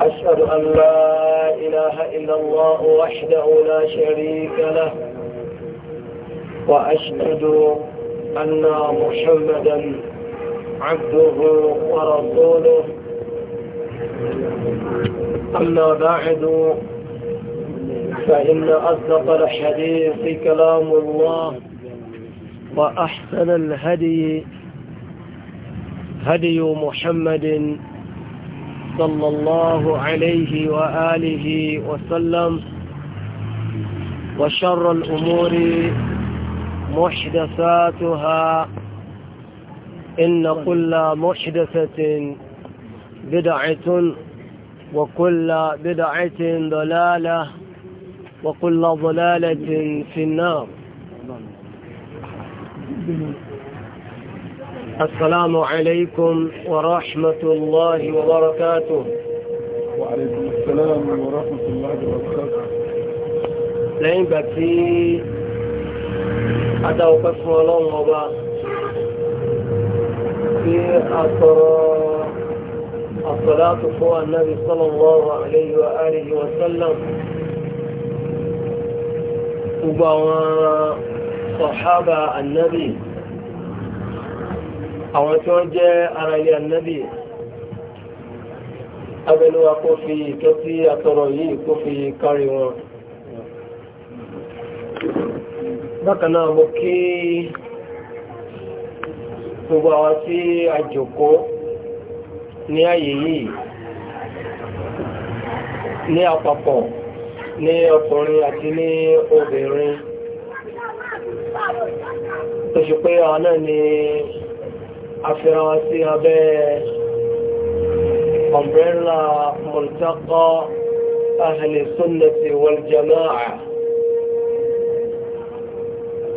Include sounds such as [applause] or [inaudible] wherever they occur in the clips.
أشهد أن لا إله إلا الله وحده لا شريك له وأشهد أن محمدا عبده ورسوله أما بعد فإن أصدق الحديث كلام الله وأحسن الهدي هدي محمد صلى الله عليه وآله وسلم وشر الأمور محدثاتها إن كل محدثة بدعة وكل بدعة ضلالة وكل ضلالة في النار السلام عليكم ورحمة الله وبركاته وعليكم السلام ورحمة الله وبركاته لين بكي أدى وقسم الله وبا في أثر الصلاة فوق النبي صلى الله عليه وآله وسلم وبا صحابة النبي àwọn tí wọ́n jẹ́ ara ilé ànábì abẹnuwa kó fi ìkẹ́ sí àtọrọ yìí kó fi kárí wọn bákan náà kí gbogbo àwọn tí a jòkó ní ààyè yìí ní àpapọ̀ ní ọkùnrin àti ní obìnrin tó ṣe pé àwọn náà ni àfihàn wa sí abẹ́ umbrella multaqa ahli sunnati wal jama'a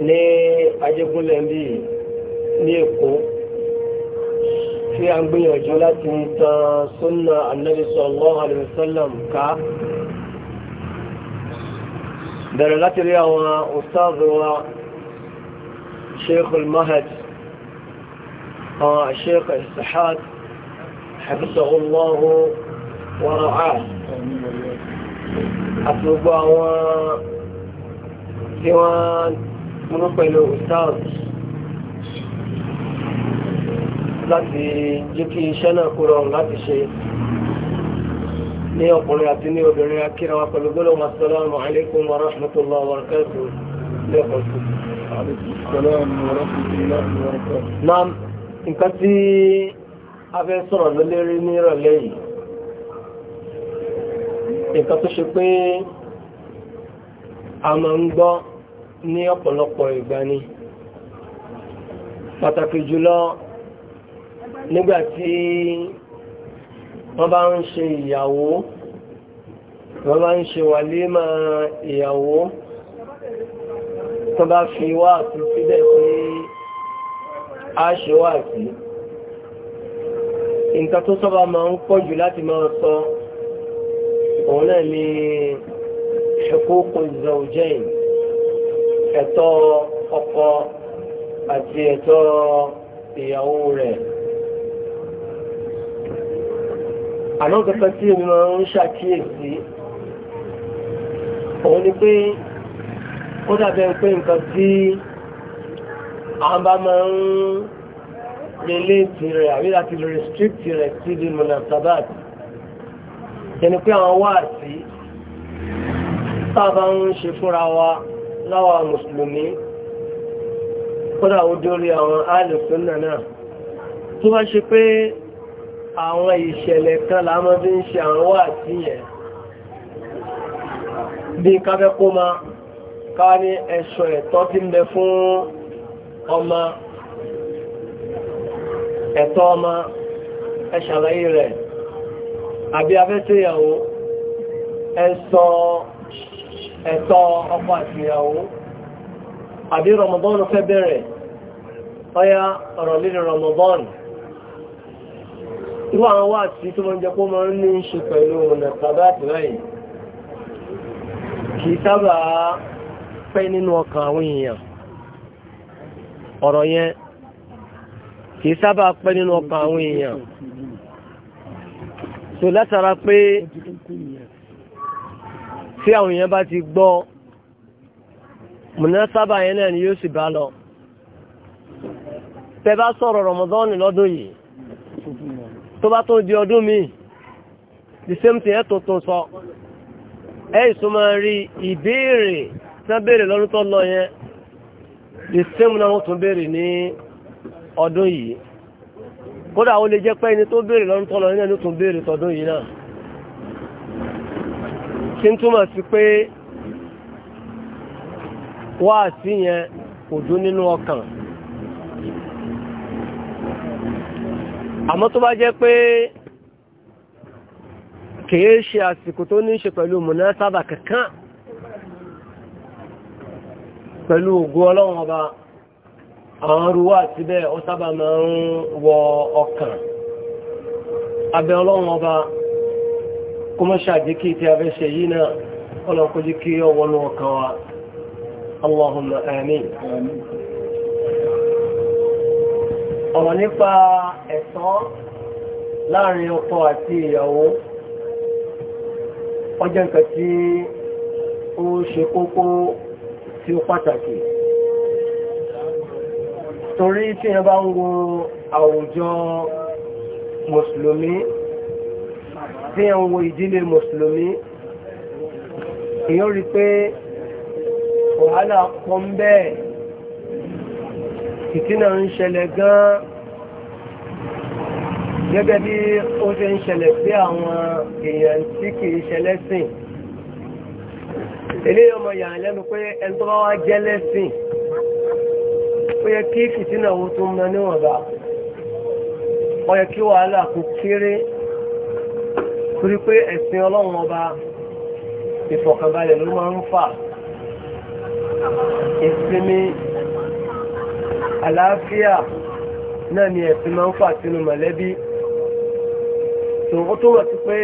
ní ajégúnlẹ̀ ń bí ní èkó tí a ń gbìyànjú láti tan sunna annabi sallallahu alaihi wasallam ká bẹ̀rẹ̀ láti rí àwọn ustaz wa sheikh al-mahad الشيخ إسحاق حفظه الله ورعاه أطلب ديوان منقل أستاذ láti jẹ́ kí iṣẹ́ náà kó rọrùn láti ṣe ní ọkùnrin àti ní obìnrin akíra wa pẹ̀lú gbọ́dọ̀ wa salamu alaikum wa rahmatullahi wa barakatuh nǹkan tí a fẹ́ sọ̀rọ̀ ló ní ìrọ̀lẹ́ yìí nǹkan tó ṣe pé a máa ń gbọ́ ní ọ̀pọ̀lọpọ̀ ìgbà ni pàtàkì jùlọ nígbà tí wọ́n bá ń ṣe ìyàwó wọ́n bá ń ṣe wàlímà ìyàwó tó bá fi wá àti síbẹ̀ pé aṣọ́wàtí nǹkan tó sọ́bà máa ń pọ̀jù láti máa sọ òun náà ni huququz zawjayn ẹ̀tọ́ ọkọ àti ẹ̀tọ́ ìyàwó rẹ̀ àmọ́ kankan tí èmi máa ń ṣàkíyèsí òun ni pé ó dàbẹ̀ pé nǹkan tí àwọn bá máa ń relé tirẹ̀ àbí láti restrict rẹ̀ sí di munasabat ẹni pé àwọn wá sí sábà ń ṣe fúnra wa láwa mùsùlùmí kódà ó dórí àwọn alùsùn náà tó bá ṣe pé àwọn ìṣẹ̀lẹ̀ kan lámọ́dé ń ṣe àwọn wà sí yẹn bí káfẹ́ ma káwà ní ẹ̀ṣọ́ ẹ̀tọ́ tí ń bẹ fún Ọma, ẹ̀tọ́ ọma ẹ rẹ̀ àbí afẹ́sẹ̀ ìyàwó ẹ ẹ̀tọ́ àti ìyàwó àbí Ramadan fẹ́ bẹ̀rẹ̀ ọya ọ̀rọ̀ lílẹ̀ Ramadan irú àwọn wà tí tó mọ́ jẹ́ pọ́ mọ́ ní ṣe pẹ̀lú ọ̀nà tàbí kìí ọ̀rọ̀ yẹn kì í sábà pẹ́ nínú ọkàn àwọn èèyàn so látara pé tí àwọn èèyàn bá ti gbọ́ mùnà sábà yẹn náà ni yóò sì bá lọ tẹ bá sọ̀rọ̀ rọmọdọ́nì lọ́dún yìí tó bá tó di ọdún míì the same thing ẹ tuntun sọ ẹ ìsúnmọ́ rí ìbéèrè tí wọ́n lọ́dún tó lọ yẹn the same na wọ́n tún béèrè ní ọdún yìí kódà ó lè jẹ́ pé ẹni tó lọ nínú ẹni tún béèrè tọdún yìí náà tí ń túmọ̀ sí pé wá sí yẹn kò dún nínú ọkàn àmọ́ tó bá jẹ́ pé kìí ṣe àsìkò tó ní pẹ̀lú ògo ọlọ́run ọba àwọn ruwá àti bẹ́ẹ̀ ó sábà máa ń wọ ọkàn abẹ ọlọ́run ọba kó mọ́ ṣàdíkì tí a fẹ́ ṣe yìí náà ọlọ́run kó jí kí ọ wọnú ọkàn wa Allahumma amin ọ̀rọ̀ nípa ẹ̀tọ́ láàrin ọkọ àti ìyàwó ọjọ́ nǹkan tí ó ṣe kókó tí ó pàtàkì torí tí ẹ bá ń wo àwùjọ mùsùlùmí tí ẹ ń wo ìdílé mùsùlùmí èyàn rí pé wàhálà pọ̀ ń bẹ́ẹ̀ ìtínà ń ṣẹlẹ̀ gan gẹ́gẹ́ bí ó ṣe ń ṣẹlẹ̀ sí àwọn èèyàn tí kìí ṣẹlẹ́sìn eléyìí ọmọ yàrá lẹ́nu pé ẹni tó bá wá jẹ́ lẹ́sìn ó yẹ kí fìtínà owó tó ń lọ níwọ̀nba ó yẹ kí wàhálà kò kéré torí pé ẹ̀sìn ọlọ́run ọba ìfọ̀kànbalẹ̀ ló máa ń fà ìsinmi àlàáfíà náà ni ẹ̀sìn máa ń fà sínú mọ̀lẹ́bí tòun ó tó wọ̀ sí pé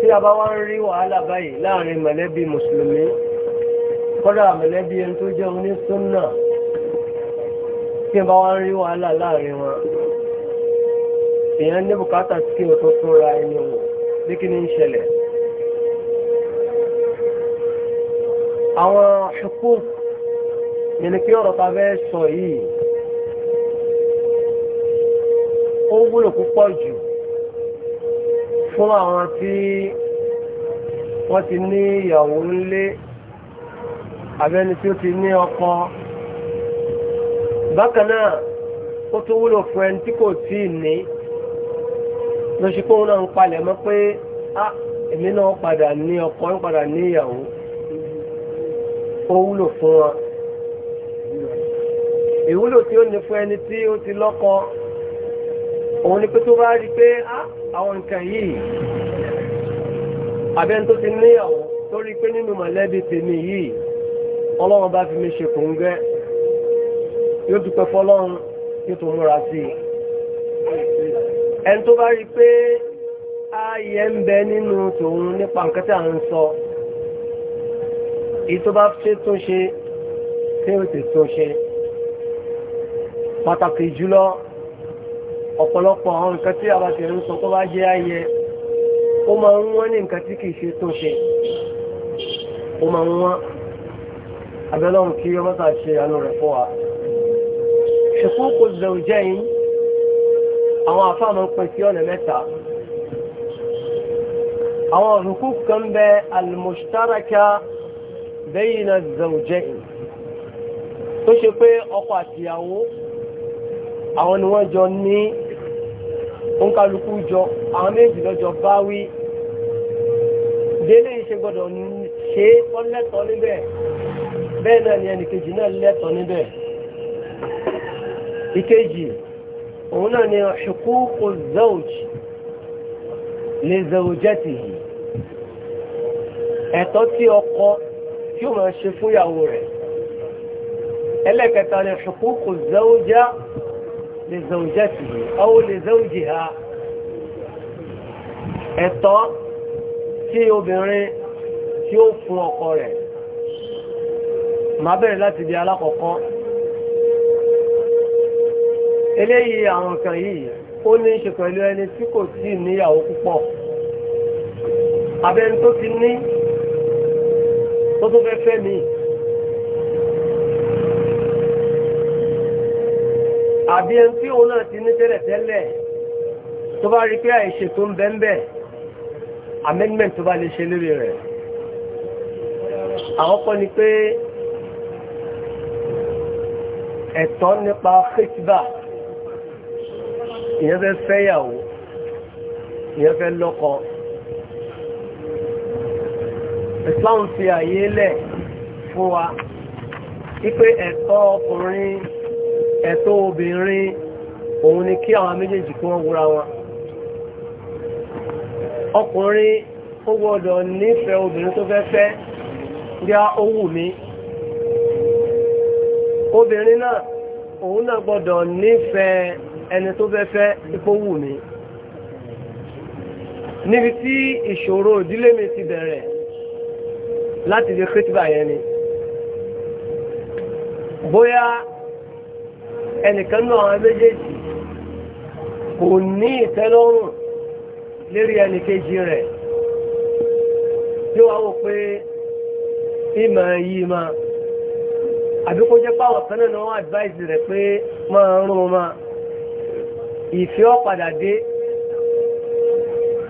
tí a bá wá ń rí wàhálà báyìí láàrin mọ̀lẹ́bí mùsùlùmí kọ́dà mọ̀lẹ́bí ẹni tó jẹ́ onísúnnà tí a bá wá ń rí wàhálà láàrin wọn èèyàn ní bùkátà sí o tó tún ra ẹni wò bí kí ni ń ṣẹlẹ̀ àwọn ṣùkú yẹn ni pé ọ̀rọ̀ ta fẹ́ sọ yìí ó wúlò púpọ̀ jù fún àwọn tí wọ́n ti ní ìyàwó ńlé abẹ́ni tí ó ti ní ọkọ bákan náà ó tún wúlò fún ẹni tí kò tí ì ní lọ́sí pé òun náà ń palẹ̀ mọ́ pé ah, èmi náà padà ní ọkọ ń padà ní ìyàwó ó wúlò fún wọn ìwúlò tí ó ní fún ẹni tí ó ti lọ́kọ òun ni pé tó bá rí pé ah, àwọn nǹkan yìí abẹ́ni tó ti níyàwó tó rí pé nínú mọ̀lẹ́bí tèmi yìí ọlọ́run bá fi mi ṣe kòńgẹ́ yóò dúpẹ́ fọlọ́run yóò tó múra sí i ẹni tó bá rí pé ààyè ń bẹ nínú tòun nípa nǹkan tí à ń sọ èyí tó bá ṣe tó ṣe tí ó ti tó ṣe pàtàkì jùlọ ọ̀pọ̀lọpọ̀ àwọn nǹkan tí àbàtì ẹ̀rù sọ tó bá jẹ́ ayẹ ó máa ń wọ́n ní nǹkan tí kìí ṣe tó ṣe ó máa ń wọ́n abẹ́lọ́run kí ọmọ tàà ṣe àánú rẹ̀ fún wa ṣùkú kò zẹ̀rù jẹ́ yín àwọn àfáàmọ́ pín sí ọ̀nà mẹ́ta àwọn òrùkú kan bẹ almustaraka bayna zawjayn tó ṣe pé ọkọ àtìyàwó àwọn ni wọ́n jọ ní òǹkàlùkù jọ àwọn méjì lọ́jọ́ bá wí délé ìṣe gbọ́dọ̀ ṣe wọ́n lẹ́tọ̀ọ́ níbẹ̀ bẹ́ẹ̀ náà ni ẹnìkejì náà lẹ́tọ̀ọ́ níbẹ̀ ìkejì òun náà ni huququ zawj li zawjatihi ẹ̀tọ́ tí ọkọ tí ó máa ṣe fúnyàwó rẹ̀ ẹlẹ́kẹta ni huququ zawja لزوجته أو لزوجها ẹ̀tọ́ tí obìnrin tí ó fún ọkọ rẹ̀ máa bẹ̀rẹ̀ láti di alákọ̀ọ́kọ́ eléyìí àwọn kan yìí ó ní ṣe pẹ̀lú ẹni tí kò tí níyàwó púpọ̀ abẹ́ni tó ti ní tó tó fẹ́ fẹ́ mi àbí ẹni tí òun náà ti ní tẹ́lẹ̀ tẹ́lẹ̀ tó bá rí pé àìṣe tó ń bẹ́ńbẹ́ amendment tó bá lè ṣe lórí rẹ̀ àkọ́kọ́ ni pé ẹ̀tọ́ nípa fẹ́tìbà ìyẹn fẹ́ fẹ́yàwó ìyẹn fẹ́ lọ́kọ Islam fi àyè lẹ̀ fún wa wípé ẹ̀tọ́ ọkùnrin ẹ̀tọ́ obìnrin òun ni kí àwọn méjèèjì kí wọ́n wúra wọn ọkùnrin ó gbọ́dọ̀ nífẹ̀ẹ́ obìnrin tó fẹ́ fẹ́ bí a ó wù mí obìnrin náà òun náà gbọ́dọ̀ nífẹ̀ẹ́ ẹni tó fẹ́ fẹ́ ipò wù mí níbi tí ìṣòro ìdílé mi ti bẹ̀rẹ̀ láti di kírísítà yẹn ni bóyá ẹnìkan náà àwọn méjèèjì kò ní ìtẹ́lọ́rùn lérí ẹnìkejì rẹ̀ tí wọ́n wò pé ìmọ̀ yìí máa àbí kó jẹ́ páwọn kan náà wọ́n advice rẹ̀ pé máa rún ma ìfẹ́ ọ̀padà dé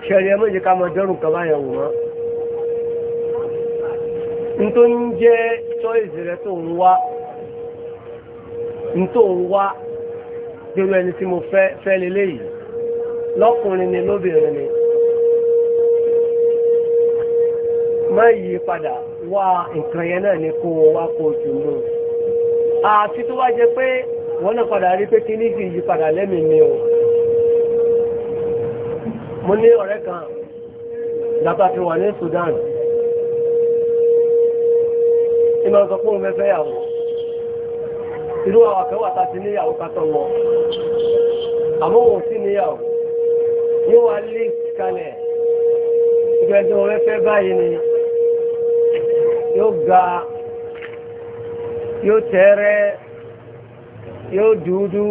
ṣẹ̀rí ẹ méje ká mọ dẹ́rù kan báyẹn wò mọ́ nítorí ń jẹ́ choice rẹ̀ tó ń wá ní tó ń wá dérú ẹni tí mo fẹ́ fẹ́ lélẹ́ yìí lọ́kùnrin ni lóbìnrin ni má yí padà wá nǹkan yẹn náà ni kó o wá kó o tún mú àti tó wá jẹ pé wọ́n náà padà rí pé kí ní fi yí padà lẹ́mìí mi o mo ní ọ̀rẹ́ kan dàbà fi wà ní Sudan ìmọ̀ nǹkan fún un fẹ́fẹ́ yàwó irú àwọn akẹ́wà ta ti níyàwó kátọ̀ wọn àmọ́ wọn ò sí níyàwó yóò wá lé kalẹ̀ ìgbẹ́jọ́ rẹ́fẹ́ báyìí ni yóò ga yóò tẹ́rẹ́ yóò dúdú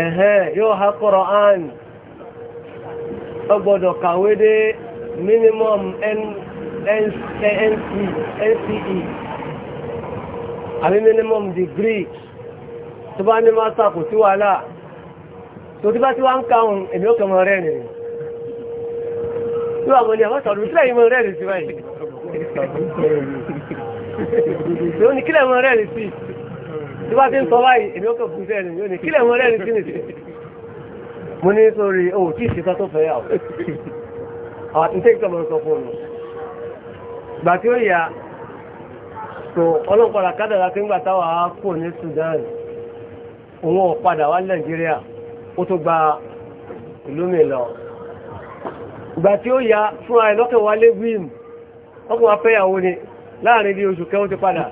ẹ̀hẹ́n yóò ha Qur'an ó gbọ́dọ̀ kàwé dé minimum NCE àbí minimum degree tó bá ní máa sàkò sí wàhálà tó tí bá tí wá ń ka ohun èmi ó kàn mọ rẹ́ẹ̀nì tí wà mọ ní àwọn sọ̀rọ̀ sílẹ̀ yìí mọ rẹ́ẹ̀nì sí báyìí tí ó ní kílẹ̀ mọ rẹ́ẹ̀nì sí tí bá ti ń sọ báyìí èmi ó kàn fún sẹ́ẹ̀nì yóò ní kílẹ̀ mọ rẹ́ẹ̀nì sí nìsí mo ní sórí ohun tí ìṣèkà tó fẹ́ yà ó àwọn àtúntẹ́ ìtọ́mọ̀ sọ fún un gbà tí ó yà so ọlọ́pàá kádàrá pé ńgbà táwa kò ní Sudan òun ò padà wá Nàìjíríà ó tó gba ìlú mi lọ ìgbà tí ó ya fún ààrẹ lọ́kẹ̀ wá lé wíìmù ọkùnrin afẹ́yàwó ni láàrin bí oṣù kẹwọ́n ti padà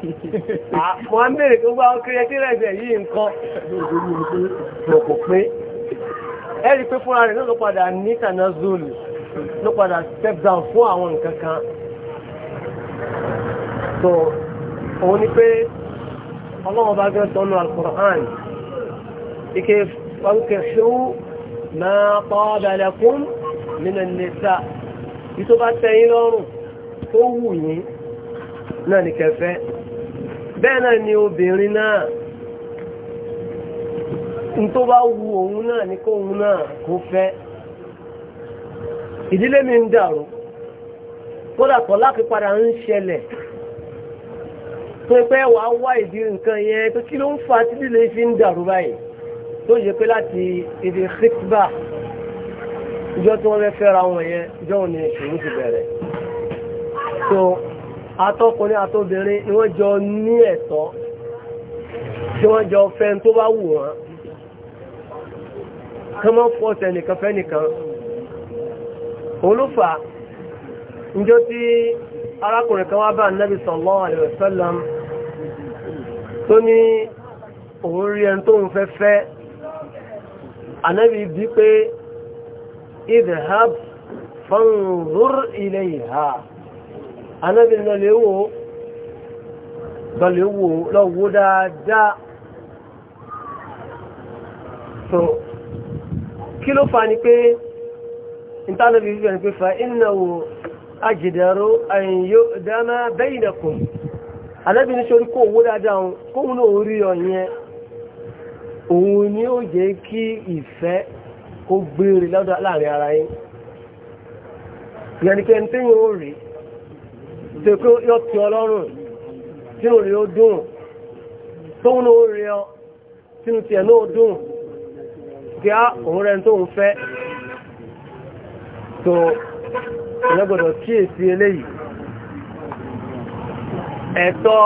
mọ́ á mẹ́rin tó gbá ọkùnrin ẹtí rẹ̀bẹ̀ yìí nǹkan kò pé ẹ̀rí pé fúnra rẹ̀ náà ló padà ní tànà zulu ló padà step down fún àwọn nǹkan kan òun ni pé ọlọ́wọ́n bá gẹ́gẹ́ tọ́nu al-Qur'an ike wáńkẹ́ ṣíwú máa pọ́ dalẹ̀kún nínú nìta yìí tó bá tẹ́yìn lọ́rùn tó wù yín náà ní kẹfẹ́ bẹ́ẹ̀ náà ni obìnrin náà n tó bá wu òun náà ní kó òun náà kó fẹ́ ìdílé mi ń dàrú kódà kọ́ láti ń ṣẹlẹ̀ tó pẹ́ wàá wá ìdí nǹkan yẹn pé kí ló ń fa títí lè fi ń dàrú báyìí tó yẹ pé láti ibi khitba ìjọ tí wọ́n fẹ́ fẹ́ra wọn yẹn ìjọ òní ìṣòro ti bẹ̀rẹ̀ so atọ́kùnrin àtobìnrin ni wọ́n jọ ní ẹ̀tọ́ tí wọ́n jọ fẹ́ tó bá wù wọ́n kán mọ́ fọ́ọ̀sẹ̀ nìkan fẹ́ nìkan olúfà ìjọ tí arákùnrin kan wá bá nẹ́bí sallallahu alaihi wasallam tó ní òun rí ẹni tó ń fẹ́ fẹ́ ànẹ́bí bí pé idhab fanzur ilayha ànẹ́bí lọ́lẹ́wò lọ́lẹ́wò lọ́wọ́ dáadáa so kí ló fa ni pé ìtànàbí fífẹ́ ni pé fa innahu Ajidere anyi yo dana deyi ne ni ale bi n'isi olu k'owu dada nwụrụ k'owu n'owu ri yọ nye owu ife k'ogbere gbiri la rịara anyi yalike n'tenu o ri ddekwa yọ kpi ọrụ t'inu o odun o dụm k'owu n'o ri yọ t'inu tie n'o dụm ya owu rịa n'to ofe. ìlọ́gbọ̀dọ̀ kíyèsí eléyìí ẹ̀tọ́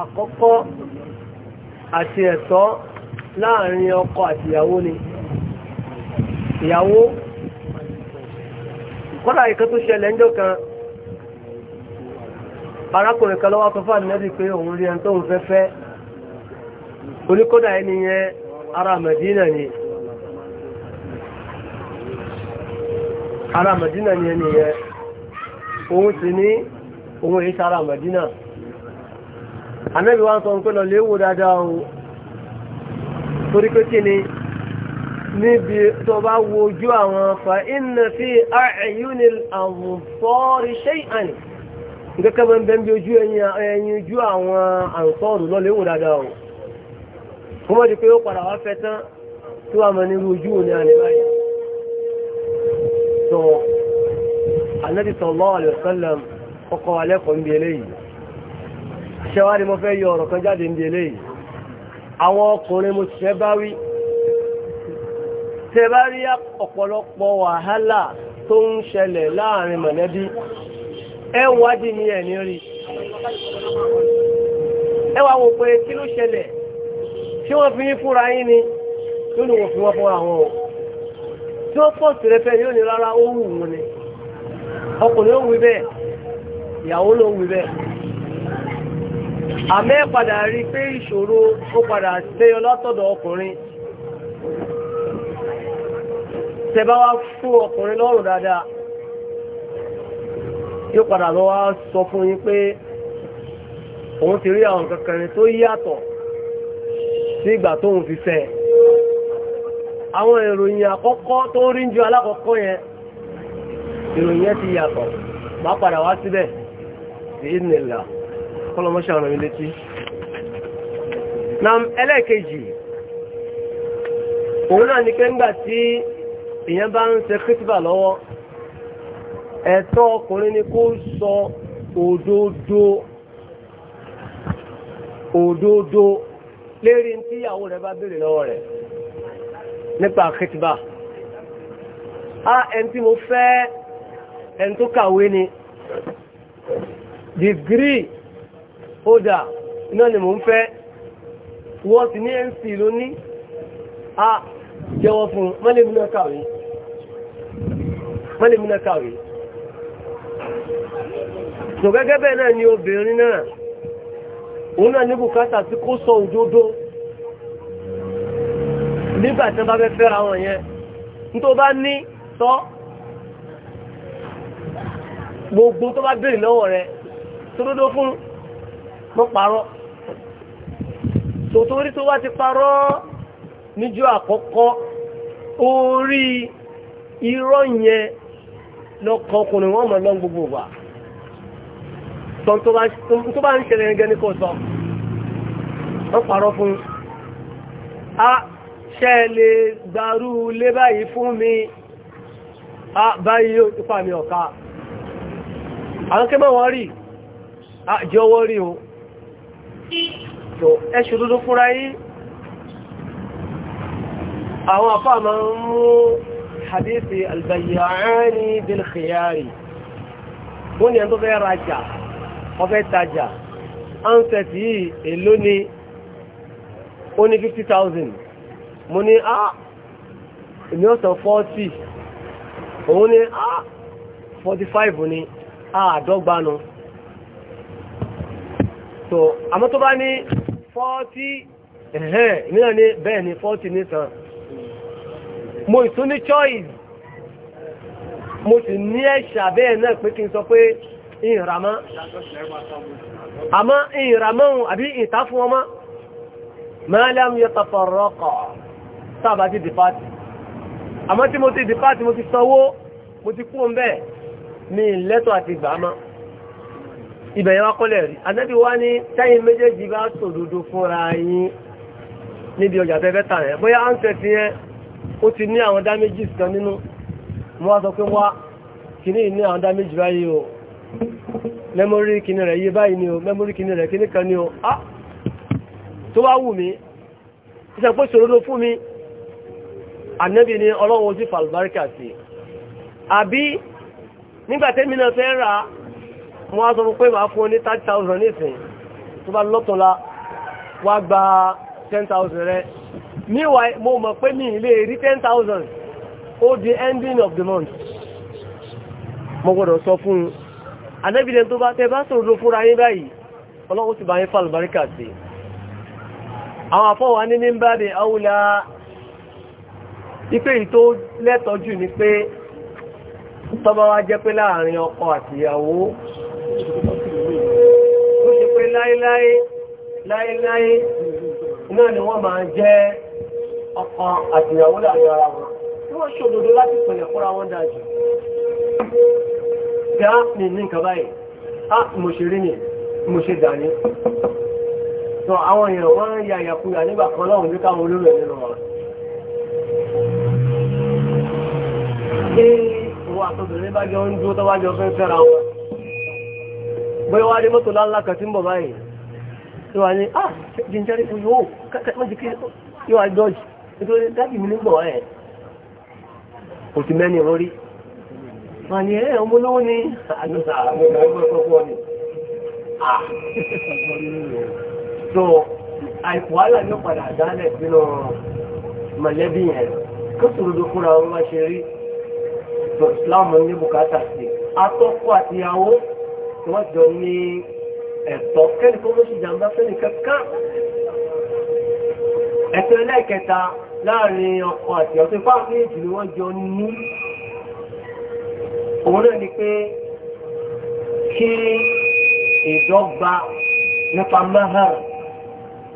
àkọ́kọ́ àti ẹ̀tọ́ láàrin ọkọ àti ìyàwó ni ìyàwó kọ́dà ìkan tó ṣẹlẹ̀ ń jọ kan arákùnrin kan lọ́wọ́ tọ́fà nẹ́bí pé òun rí ẹni tó fẹ́fẹ́ oníkọ́dà ẹni yẹn ara Mẹ̀dínà ni ara Madina ni ẹni yẹ òun sì ní òun èyí sára Madina anẹ́bí wá ń sọ ń pé lọ léwò dáadáa o torí pé kí ni níbi tó bá wo ojú àwọn fa inna fi a'yuni al-ansari shay'an gẹ́gẹ́ bá ń bí ojú ẹyin ojú àwọn àǹsọ́ọ̀rù lọ léwò dáadáa o kọ́mọ́dé pé ó padà wá fẹ́ tán tí wàá mọ nírú ojú òní àníbáyìí so anabi sallallahu alayhi wa sallam ọkọ alẹ́kọ̀ọ́ ń bí eléyìí ṣẹwárí mo fẹ́ kan jáde ń bí eléyìí ọkùnrin mo ṣiṣẹ́ bá wí tẹ bá rí ọ̀pọ̀lọpọ̀ wàhálà tó ń ni fi tí ó pọ̀ sí rẹpẹ yóò ní rárá ó wù wọn ni ọkùnrin ó wí bẹ́ẹ̀ ìyàwó ló wí bẹ́ẹ̀ àmẹ́ padà rí pé ìṣòro ó padà tẹ́yọ látọ̀dọ̀ ọkùnrin tẹ́bá wá fún ọkùnrin lọ́rùn dáadáa yóò padà lọ wá sọ fún yín pé òun ti rí àwọn kankan tó yàtọ̀ sí ìgbà tóun fi àwọn ìròyìn àkọ́kọ́ tó rí ju alákọ̀ọ́kọ́ yẹn ìròyìn yẹn ti yàtọ̀ máa padà wá síbẹ̀ ìdínlá kọlọmọṣà ọ̀nà mi létí ẹlẹ́ẹ̀kejì òun náà tí èèyàn bá ń ṣe kìtìbà lọ́wọ́ ni kó sọ òdodo òdodo lérí tí ìyàwó rẹ̀ bá lọ́wọ́ nípa àkẹtìbà a ẹni tí mo fẹ́ ẹni tó kàwé ni dìgírì ódà náà ni mo ń fẹ́ wọ́n ti ní nc lóní a jẹ́wọ́ fún mọ́lẹ́mìnà kàwé mọ́lẹ́mìnà kàwé tò gẹ́gẹ́ bẹ́ẹ̀ náà ni obìnrin náà òun náà ní bùkátà tí kó sọ òdodo nígbà tí wọ́n bá fẹ́ fẹ́ra wọn yẹn nítorí bá ní sọ gbogbo tó bá béèrè lọ́wọ́ rẹ tó dódó fún mọ́ parọ́ tòtórí tó wá ti parọ́ níjọ́ àkọ́kọ́ orí irọ́ yẹn lọ́kọ̀ ọkùnrin wọn mọ̀ lọ́n gbogbo wa sọ tó bá ń ṣẹlẹ̀ gẹ́gẹ́ ní kò sọ wọ́n parọ́ fún a ṣẹ́ lè gbarú lé báyìí fún mi báyìí yóò ti pàmì ọ̀ká àwọn kí mọ́ wọ́n rí àjọwọ́ rí o tó ẹṣù dúdú fúnra yí àwọn àfáà ma ń mú hadithi albayyani bilkhiyari wọ́n ni ẹn tó fẹ́ rajà ọfẹ́ tajà ansẹ̀tì èlò ni ó ní 50,000 mo ní a ah. èmi ó san òun ní a ah. forty ni a ah, àádọ́gba nu so àmọ́ tó bá ní ní bẹ́ẹ̀ ni mo ìtún ní choice mo sì ní ẹ̀ṣà bẹ́ẹ̀ náà pé kí n sọ pé ìràmọ́ àmọ́ àbí ìta fún ọmọ sáàbà ti dìpáàtì àmọ́ tí mo ti dìpáàtì mo ti sanwó mo ti kú ń bẹ́ẹ̀ ní ìlẹ́tọ̀ àti ìgbàmá ibẹ̀ yẹn wá kọ́lẹ̀ rí anábì wá ní tẹ́yìn méjèèjì bá sòdodo fúnra yín níbi ọjà tẹ́fẹ́ tà yẹn bóyá áńsẹ̀ ti yẹn ó ti ní àwọn damages kan nínú mo wá sọ pé wá kìíní ní àwọn damages báyìí o mẹ́mórí kìíní rẹ̀ yé báyìí ni o mẹ́mórí kìíní rẹ̀ kìíní kan ni o ah tó wá wù mí ìṣàpọ̀ sòdodo fún mi ànábì ni ọlọ́run ojú falbarika sí àbí nígbàtẹ́mì náà fẹ́ rà mo wá sọ pé máa fún ní 30,000 nísìn tó bá lọ́tọ̀lá wá gba 10,000 rẹ níwà mo mọ̀ pé mi ilé rí 10,000 ó di ending of the month mo gbọ́dọ̀ sọ fún un ànábì ni tó bá tẹ bá sọ̀rọ̀ fúnra yín báyìí ọlọ́run ti bá yín falbarika sí àwọn afọ́wà ní mímbàbí ipe ìtó lẹ́tọ̀ọ́jù ni pé tọ́ba wa jẹ́ pé láàrin ọkọ àtìyàwó ó ṣe pé láéláé láéláé náà ni wọ́n máa jẹ́ ọkọ àtìyàwó láàrin ara wọn tí wọ́n ṣòdodo láti pèlè fúnra wọn dájú. Gá mi ní nǹkan báyìí, a mo ṣe rí mi, mo ṣe dà ní. Sọ àwọn èèyàn wọ́n ń ya ìyàkuyà nígbà kan láwọn oníkàwọn olóró ẹ̀ nínú ọ̀rọ̀. ṣé òun àtọ̀bìnrin bá jọ ń dúró tó bá jọ fẹ́ fẹ́ra wọn bóyá wá rí mọ́tò lálá kan tí ń bọ̀ báyìí tí wà ní ah jíjẹ́rí fún yóò kẹ́kẹ́ kí yóò wá jọ́ọ̀jì nítorí dájì mi nígbọ̀ ẹ̀ kò ti mẹ́ni orí wà ní ẹ̀ eh, ọmọ olówó ni àjọsà àwọn ọmọ ẹgbẹ́ ọkọ̀ ni ah so àìkú wàhálà yóò padà dálẹ̀ sínú mọ̀lẹ́bí yẹn kó sòrodo fúnra wọn bá ṣe rí tó islam ní bùkátà sí atọ́kọ àtìyàwó tí wọ́n jọ ní ẹ̀tọ́ kẹ́ni tó ló ṣe jàǹbá fẹ́ni kankan ẹ̀tọ́ ẹlẹ́ẹ̀kẹta láàrin ọkọ àtìyàwó tó fáwọn méjì ni wọ́n jọ ní òun náà ni pé kí ìdọ́gba nípa mahar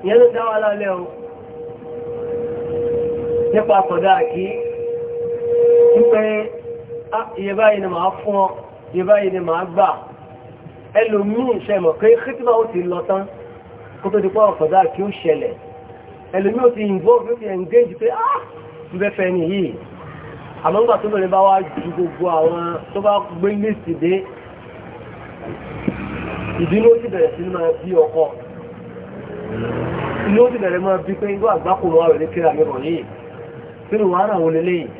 ìyẹn ló dá lálẹ́ o nípa sọ̀dá kí ń pẹ́ Ah, iye báyìí ni màá fún ọ iye báyìí ni màá gbà ẹlòmíì ṣẹmọ̀ pé kíkìmá ó ti lọ tán kó tó di pọ́ ọ̀kọ̀dá kí ó ṣẹlẹ̀ ẹlòmíì ó ti involve ó ti engage pé ah ń bẹ́ fẹ́ ni yìí àmọ́ nígbà tó lórí bá wá ju gbogbo àwọn tó bá gbé lẹ́sì dé ìdínú ó sì bẹ̀rẹ̀ sí máa bí ọkọ inú ó sì bẹ̀rẹ̀ máa bí pé igbó àgbákùnrin wà rẹ̀ ní kíra mi rọ̀ yìí sínú wàhálà wọlé lẹ́yìn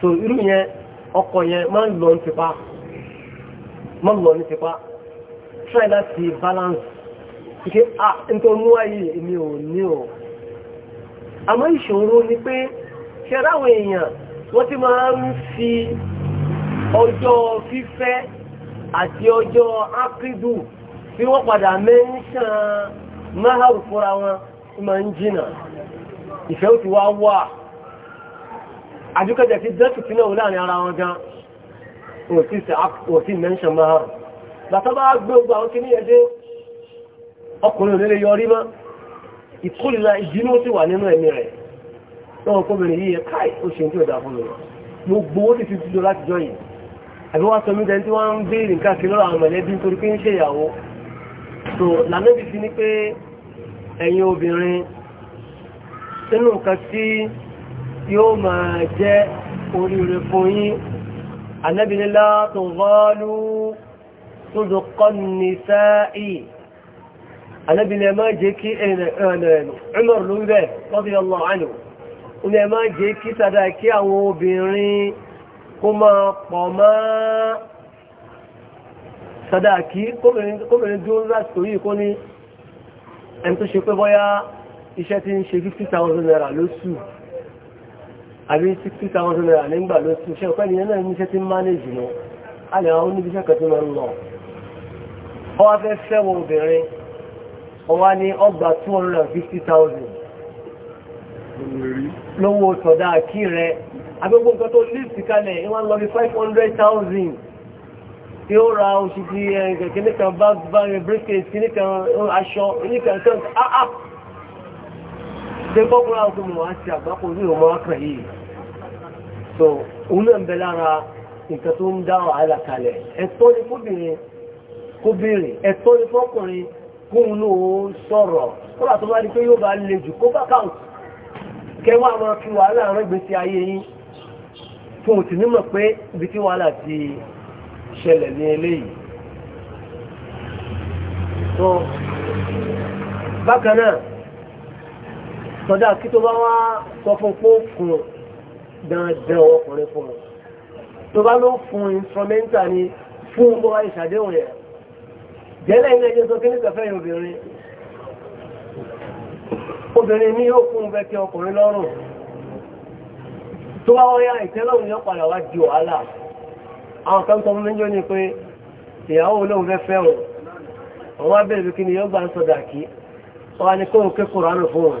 so irú yẹn ọkọ̀ yẹn máa ń lọ ní tipa máa ń lọ ní balance mú ayé èmi ò ní o àmọ́ ìṣòro ni pé ṣe ráwọn èèyàn wọ́n ti máa ń fi ọjọ́ fífẹ́ àti ọjọ́ ápídù tí wọ́n padà mẹ́ńṣàn máhàrù fúnra wọn máa ń jìnà ìfẹ́ ti wá wà. àdúkẹ́jẹ̀ ti dẹ́kì tí náà láàrin ara wọn gan òsì mẹ́ṣàn máa rùn bàtà bá gbogbo àwọn kìíní ẹdẹ ọkùnrin òlélẹ̀ yọrí mọ́ ìkólìlà ìdínú sì wà nínú ẹ̀mí rẹ̀ lọ́wọ́ kóbìnrin yìí káì ó ṣe tí ó dá fún mi mo gbowó sì ti dúró láti so lànàbí fi ní pé ẹ̀yin obìnrin sínú yóò máa jẹ́ oríire fún yín anábìnilá tó gọ́ọ̀lú tó dùkọ́ ní sáàì anábìnilá máa jẹ́ kí Umar ló ń bẹ̀ radiyallahu anhu ilẹ̀ máa jẹ́ kí sàdá kí àwọn obìnrin kó àbí sixty thousand naira nígbà ló ti ṣe ọ̀pẹ́ ìyẹn náà níṣẹ́ tí ń manage nù a lè àwọn oníbiṣẹ́ kan tí wọ́n ń lọ. ọ wá fẹ́ fẹ́ wọn obìnrin ọ wá ní ọgbà two hundred and fifty thousand lówó sọ̀dá àkí rẹ̀ agbègbè nǹkan tó lift kalẹ̀ ìwọ̀n lọ bí five hundred thousand tí ó ra oṣù tí kìíní kan bá bá rẹ̀ briefcase aṣọ oníkan kan ṣe gbọ́kúnra ọkùnrin wọn á ti ah, ah. àgbákò orí òun wọn kàn yìí so òun náà ń bẹ lára nǹkan tó ń dá wàhálà kalẹ̀ ẹ̀tọ́ ni fóbìnrin kó béèrè ẹ̀tọ́ ni fọ́kùnrin kóhun náà ó sọ̀rọ̀ kọ́lá tó bá di pé yóò bá le jù kó bá káwọn kẹwàá máa fi wàhálà rán gbèsè ayé yín fún òtún nímọ̀ pé ibi tí wàhálà ti ṣẹlẹ̀ ní eléyìí kí tó bá wá sọ fún pókùn dandan ọkùnrin fún un tó bá ló fún instrumenta ni fún bọ́ ìṣàdéhùn rẹ̀ jẹ́lẹ̀ ilé ẹjọ́ tó kí ní kẹfẹ́ obìnrin obìnrin ní yóò fún bẹ́ kí ọkùnrin lọ́rùn tó bá wọ́yá ìtẹ́lọ́rùn yóò padà wá di wàhálà àwọn kan tọmọ méjì ní pé ìyàwó olóhùn fẹ́ fẹ́ òun àwọn abẹ́rẹ́ kí ni yóò gbà ń sọdà kí wọ́n á ní kóhùn kékòrò ánù fún òun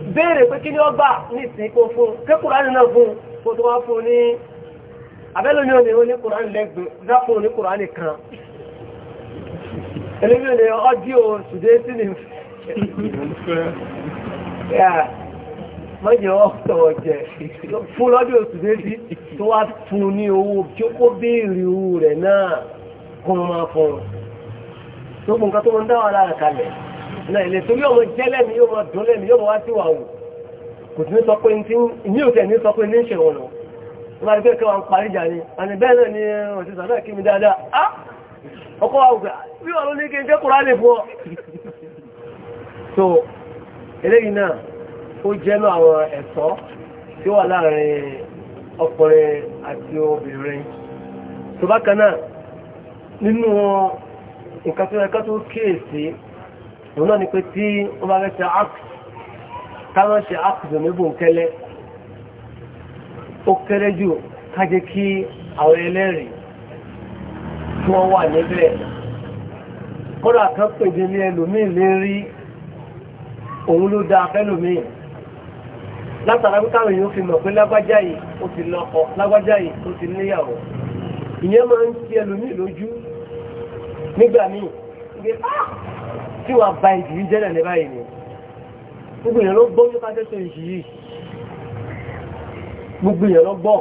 béèrè pé kí ni ọgbà ní ìsìnkú fún kí náà fún n'i tó wá fún ní abẹ́lò ní òní òní kùránì lẹ́gbẹ̀ẹ́ dápò òní kùránì kan eléyìí òní ọdí o ṣùdé sí ni mọ́jẹ̀ ọ̀tọ̀ ọ̀jẹ̀ fún lọ́dún oṣù déjì tó wá fún ní owó tí ó kó béèrè owó rẹ̀ náà máa fún un tó tó ń lára kalẹ̀. náà ilé torí ọmọ jẹ́lẹ̀ mi yóò máa dùn lẹ́mi yóò máa wá sí wàhùn kò tún sọ pé ní ní òkè ní sọ pé ní ṣe wọn lọ wọn bá rí pé káwọn parí jà ni àní bẹ́ẹ̀ náà ni eh, òtí sàdá kí mi dáadáa á ah! ọkọ wa òkè ah, bí wọn ló ní kí n jẹ́ kóra lè fún ọ. [laughs] so eléyìí náà ó jẹ́ náà àwọn ẹ̀tọ́ tí ó wà láàrin ọkùnrin àti obìnrin tó bákan náà nínú nǹkan tó yẹ ká tó kíyèsí òun náà ni pé tí wọ́n bá fẹ́ ṣe áàkì káwọn ṣe áàkì tó ní bòńkẹ́lẹ́ ó kéré jù ká kí àwọn ẹlẹ́rìí tí wọ́n wà níbẹ̀ kódà kan pèdè ní ẹlòmíì lérí òun ló dáa fẹ́lòmíì látara pé káwọn èèyàn fi mọ̀ pé lágbájá yìí ó ti lọ́kọ lágbájá yìí ó ti níyàwó ìyẹn máa ń ti tí wà bá ìjì yìí jẹ́lẹ̀ ní báyìí ni gbogbo èèyàn ló gbọ́ nípa tẹ́tọ̀ ìjì yìí gbogbo èèyàn ló gbọ́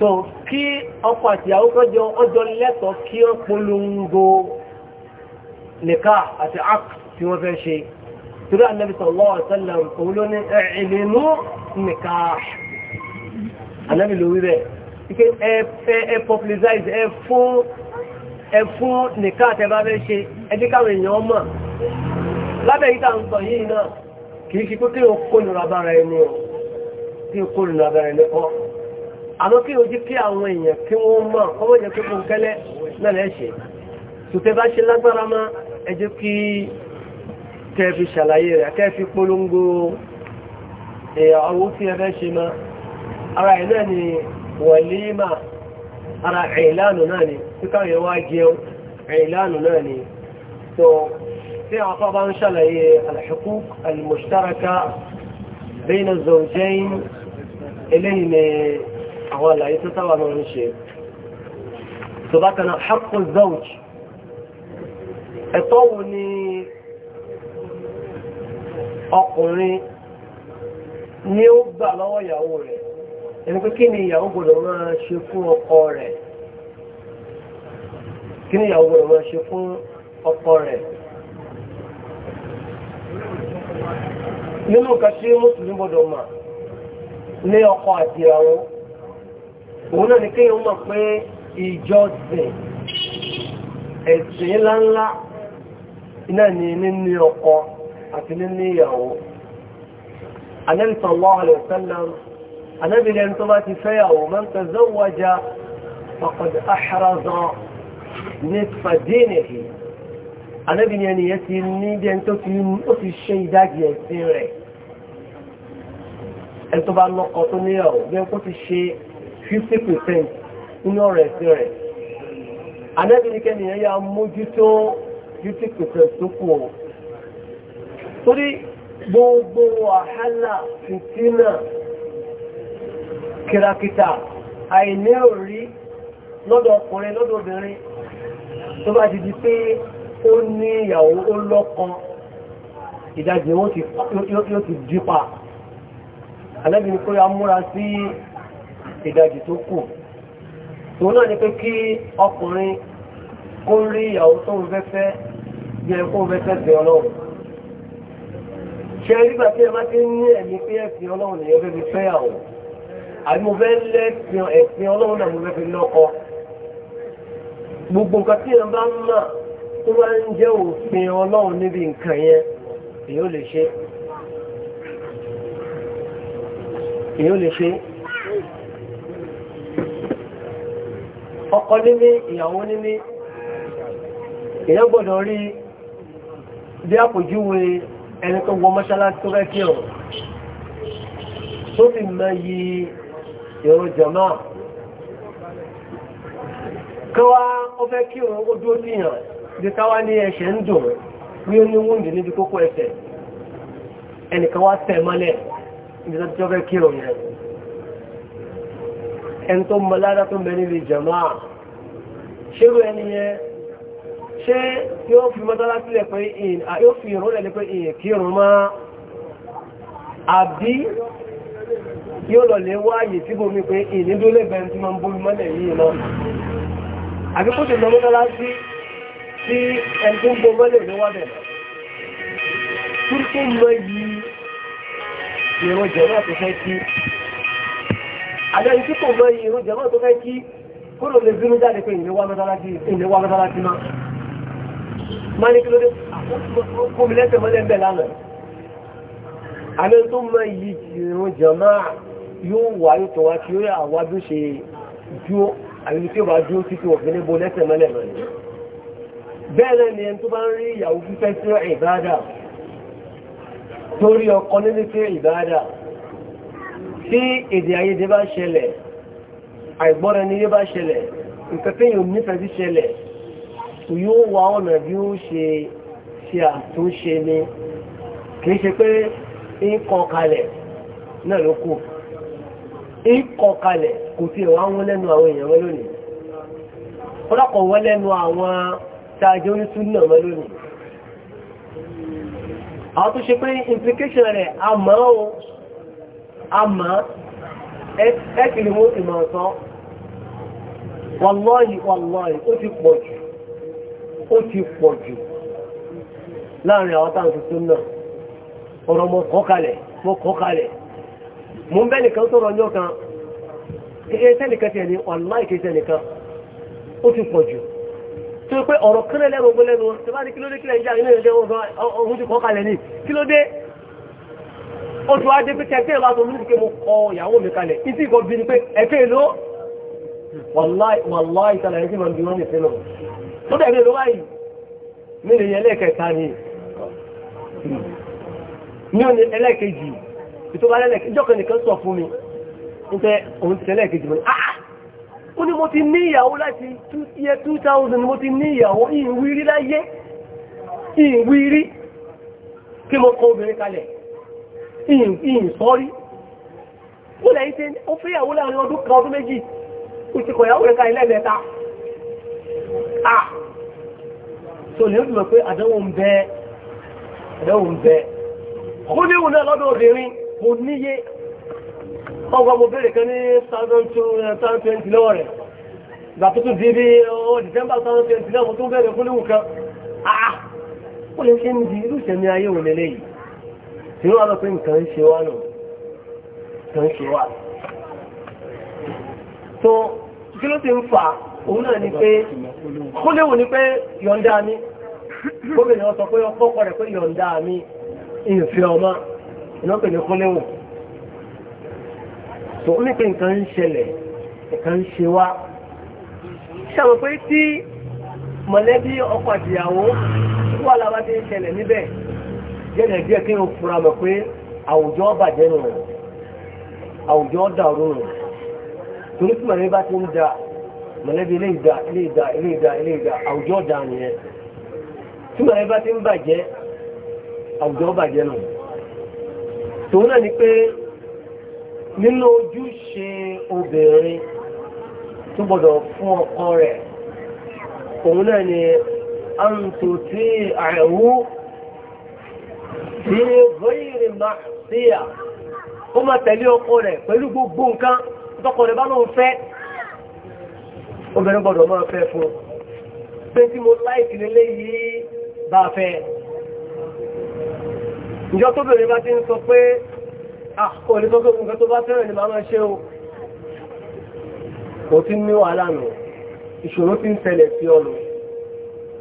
so kí ọkọ àti ìyàwó ọjọ́ lẹ́tọ̀ọ́ kí wọ́n polongo nìka àti ak tí wọ́n fẹ́ ṣe torí anabi sallallahu alaihi wasallam òun ló ní ẹ̀ẹ́lẹ́nu nìka anabi ló wí bẹ́ẹ̀ ike ẹ ẹ popularize ẹ fún ẹ fún nìka ẹjẹ́ káwọn èèyàn mọ̀ lábẹ́ yìí tá à ń sọ yìí náà kì í ṣe pé kí o kó nínú abára ẹni o kí o kó nínú abára ẹni kọ́ àmọ́ kí o jí kí àwọn èèyàn kí wọ́n mọ̀ kọ́mọ́ jẹ́ pé kẹ́lẹ́ náà lẹ́ṣẹ̀ tùtẹ́ bá ṣe lágbára mọ́ ẹjẹ́ kí kẹ́ fi ṣàlàyé rẹ̀ kẹ́ fi polongo ọwọ́ tí ẹ fẹ́ ṣe mọ́ ara ẹ̀ náà ni wàlímà ara ìlànà náà ni kíkàwé wá jẹun ìlànà náà ni so tí àwọn afọ́ bá ń ṣàlàyé al-huquq al-mushtaraka bayna az-zawjayn eléyìí ni àwọn àlàyé tó sábà máa ń ṣe tó bá kan haqqu az-zawj ẹ̀tọ́ wo ni ọkùnrin ni ó gbà lọ́wọ́ ìyàwó rẹ̀ ẹni pé kí ni ìyàwó gbọdọ̀ máa ṣe fún ọkọ rẹ̀ kí ni ìyàwó gbọdọ̀ máa ṣe fún ọkọ rẹ̀ ọkọ rẹ̀. nínú nǹkan tí mùsùlùmí gbọdọ̀ mà ní ọkọ àti ìyàwó òun náà ni kéèyàn mọ̀ pé ìjọsìn ẹ̀sìn ńláńlá iná ni níní ọkọ àti níní ìyàwó. Ànábì sallallahu alaihi wasallam Ànábì lẹ́nu tó bá ti fẹ́yàwó man tazawwaja faqad ahraza nisfa dinihi ànábì ni ẹnìyẹn ti ní bí ẹni tó ti ó ti ṣe ìdájì ẹ̀sìn rẹ̀ ẹni tó bá lọ́kọ tó níyàwó bí ẹni kó ti ṣe fifty percent nínú ọ̀rọ̀ ẹ̀sìn rẹ̀ ànábì ni kẹ́nìyẹn yà mójútó fifty percent tó kù ọ̀ torí gbogbo wàhálà fìtínà kìràkìtà àìní òrí lọ́dọ̀ ọkùnrin lọ́dọ̀ obìnrin tó bá ti di pé ó ní ìyàwó ó lọ́kan ìdájì yóò ti dípa alẹ́bí ni kó ya múra sí ìdájì tó kù tó náà ni pé kí ọkùnrin kó rí ìyàwó tó ń fẹ́fẹ́ bí ẹ kó fẹ́fẹ́ bẹ̀ ọlọ́run ṣe nígbà tí ẹ bá ti ní ẹ̀mí pé ẹ̀sìn ọlọ́run nìyẹn fẹ́ fi fẹ́ àwọn àbí mo fẹ́ lẹ́sìn ẹ̀sìn ọlọ́run náà mo fẹ́ fi lọ́kọ gbogbo nǹkan tí ẹ bá ń mọ̀ tó bá ń jẹ́ òfin ọlọ́run níbi nǹkan yẹn èyí ò lè ṣe èyí ò ìyàwó níní èyàn gbọ́dọ̀ rí bí àpòjúwe ẹni tó wọ mọ́ṣáláṣí tó fẹ́ kí ọ̀ tó fi mọ yí ìrun jàmáà kọ́wàá ó fẹ́ kí òun ó dúró níyàn bí káwá ní ẹ̀ṣẹ̀ ń dùn bí ó ní wúndì níbi kókó ẹsẹ̀ ẹnìkan wá tẹ̀ mọ́lẹ̀ ibi tó jọ́ fẹ́ kírun tó mọ lára tó mẹ́rin lè jẹ̀mọ́ ṣérú ẹni yẹn ṣé yóò fi mọ́tọ́lá sílẹ̀ pé yóò fi ìrún lẹ̀ mọ́ àbí yóò lọ lè wáyé tí tí ẹni tó ń gbogbo lè ní wọ́n bẹ̀rẹ̀ tí tó lọ yí ìrun jẹ̀mọ́ tó fẹ́ kí àjọyí tí kò lọ yí ìrun jẹ̀mọ́ tó fẹ́ kí kó ló lè bínú jáde pé ìléwá mẹ́tàlájì ìléwá mẹ́tàlájì náà ní kí ló dé kómi lẹ́sẹ̀ mọ́lẹ̀ ń lánàá àmì tó mọ iyì ìrun jẹ̀mọ́ yóò wà yóò tó bẹ́ẹ̀rẹ̀ ni ẹni tó bá ń rí ìyàwó fífẹ́ sí ìbáadà torí ọkọ nínú sí ìbáadà tí èdè àyèdè bá ṣẹlẹ̀ àìgbọ́ra ni yé bá ṣẹlẹ̀ nǹkan tí yóò nífẹ̀ẹ́ sí ṣẹlẹ̀ tó yóò wá ọ̀nà bí ó ṣe ṣe àtúnṣe ni kìí ṣe pé ń kọ kalẹ̀ náà ló kù ń kò tí ì lẹ́nu àwọn èèyàn lónìí ọlọ́kọ̀ wọn lẹ́nu àwọn tààjọ ní súnà mọ́ lónìí àwọn tó ṣe pé implication rẹ̀ àmọ́ o àmọ́ ẹ́kìlì mú ìmọ̀ ọ̀sán wàlọ́yì wàlọ́yì ó ti pọ̀ jù ó ti pọ̀ jù láàrin àwọn táwọn tuntun ọ̀rọ̀ mọ̀ kọ́kalẹ̀ mọ̀ kọ́kalẹ̀ mú bẹ́ tó rọjọ́ kan kí ẹ sẹ́nìkan ti ẹni wàlọ́yì kí sẹ́nìkan ó ti tó pé ọ̀rọ̀ kánlẹ̀ lẹ́rọ ogun lẹ́nu tó bá ní kí ló dé kílẹ̀ ìjà inú ìrìnlẹ̀ ohun ti kọ́ kalẹ̀ ní kí ló dé ó ti wá dé pé kẹfẹ́ ìwà tó ní kí mo kọ ìyàwó mi kalẹ̀ ìtì ìkọ bí ni pé ẹ̀kẹ́ ìlú wàláì tààlà ẹ̀kẹ́ máa ń bí wọ́n ní sílọ̀ tó dẹ̀ nílò báyìí ní ìyẹn ẹlẹ́ẹ̀kẹta ni ní òní ẹlẹ́ẹ̀kejì ìtọ́ba ẹlẹ́ẹ̀kejì ìjọ́kẹ́ nìkan sọ fún mi ń tẹ́ òun ti ẹlẹ́ẹ̀kejì ó ní mo ti ní ìyàwó láti year 2000 ni mo ti ní ìyàwó ìwírí láyé ìwírí kí mo kọ obìnrin kalẹ̀ ìyìnsọ́rí ó lẹ́yìn tí ó fẹ́ ìyàwó láàrin ọdún kan ọdún méjì ó ti kọ̀ ìyàwó rẹ̀ kalẹ̀ lẹ́ẹ̀mẹ́ta ah so lè rúdùmọ̀ pé àdánwò ń bẹ àdánwò ń bẹ kó níwò náà lọ́dọ̀ obìnrin kò níye ọgbọ́n mo bèèrè kan ní sáwọn twenty lọ́wọ́ rẹ̀ ìgbà tó tún di bí ọwọ́ december sáwọn twenty náà mo tún bẹ̀rẹ̀ fún léwu kan ah ó lè ṣe ń di irú ìṣẹ̀mí ayé òun lélẹ́yìí tí wọ́n lọ pé nǹkan ń ṣe wá nù nǹkan ń ṣe wá. tó kí ló ti ń fà òun náà ni pé kó léwu ni pé yọ̀ǹda mi gómìnà sọ pé ọkọ̀ rẹ̀ pé yọ̀ǹda mi ìfẹ́ ọmọ ìnáwó pè ní kó léwu. tó ní pé nǹkan ń ṣẹlẹ̀ nǹkan ṣe wá ṣàmọ̀ pé tí mọ̀lẹ́bí ọkọ àtìyàwó wà lábá tí ń ṣẹlẹ̀ níbẹ̀ jẹ́lẹ̀ díẹ̀ kí n fura mọ̀ pé àwùjọ bàjẹ́ nù àwùjọ dàrú nù torí tí mọ̀lẹ́bí bá ti ń da mọ̀lẹ́bí ilé ìdá ilé ìdá ilé ìdá ilé ìdá àwùjọ dà nìyẹn tí mọ̀lẹ́bí bá ti ń bàjẹ́ àwùjọ bàjẹ́ nù tòun náà nínú ojúṣe obìnrin tó gbọdọ̀ fún ọkọ rẹ̀ òun náà ni àǹtò tí àìwú tí gbóyìnrì máa sí à ó máa tẹ̀lé ọkọ rẹ̀ pẹ̀lú gbogbo nǹkan tọkọ rẹ̀ bá lóun fẹ́ obìnrin gbọdọ̀ máa fẹ́ fún pé tí mo láìkì nílé yìí bá fẹ́ ìjọ tóbìnrin bá ti ń sọ pé kò ah, ní gbogbo nǹkan tó bá fẹ́rẹ̀ ní máa ṣe o kò tí ní wàhálà nù ìṣòro tí ń ṣẹlẹ̀ sí ọ̀nà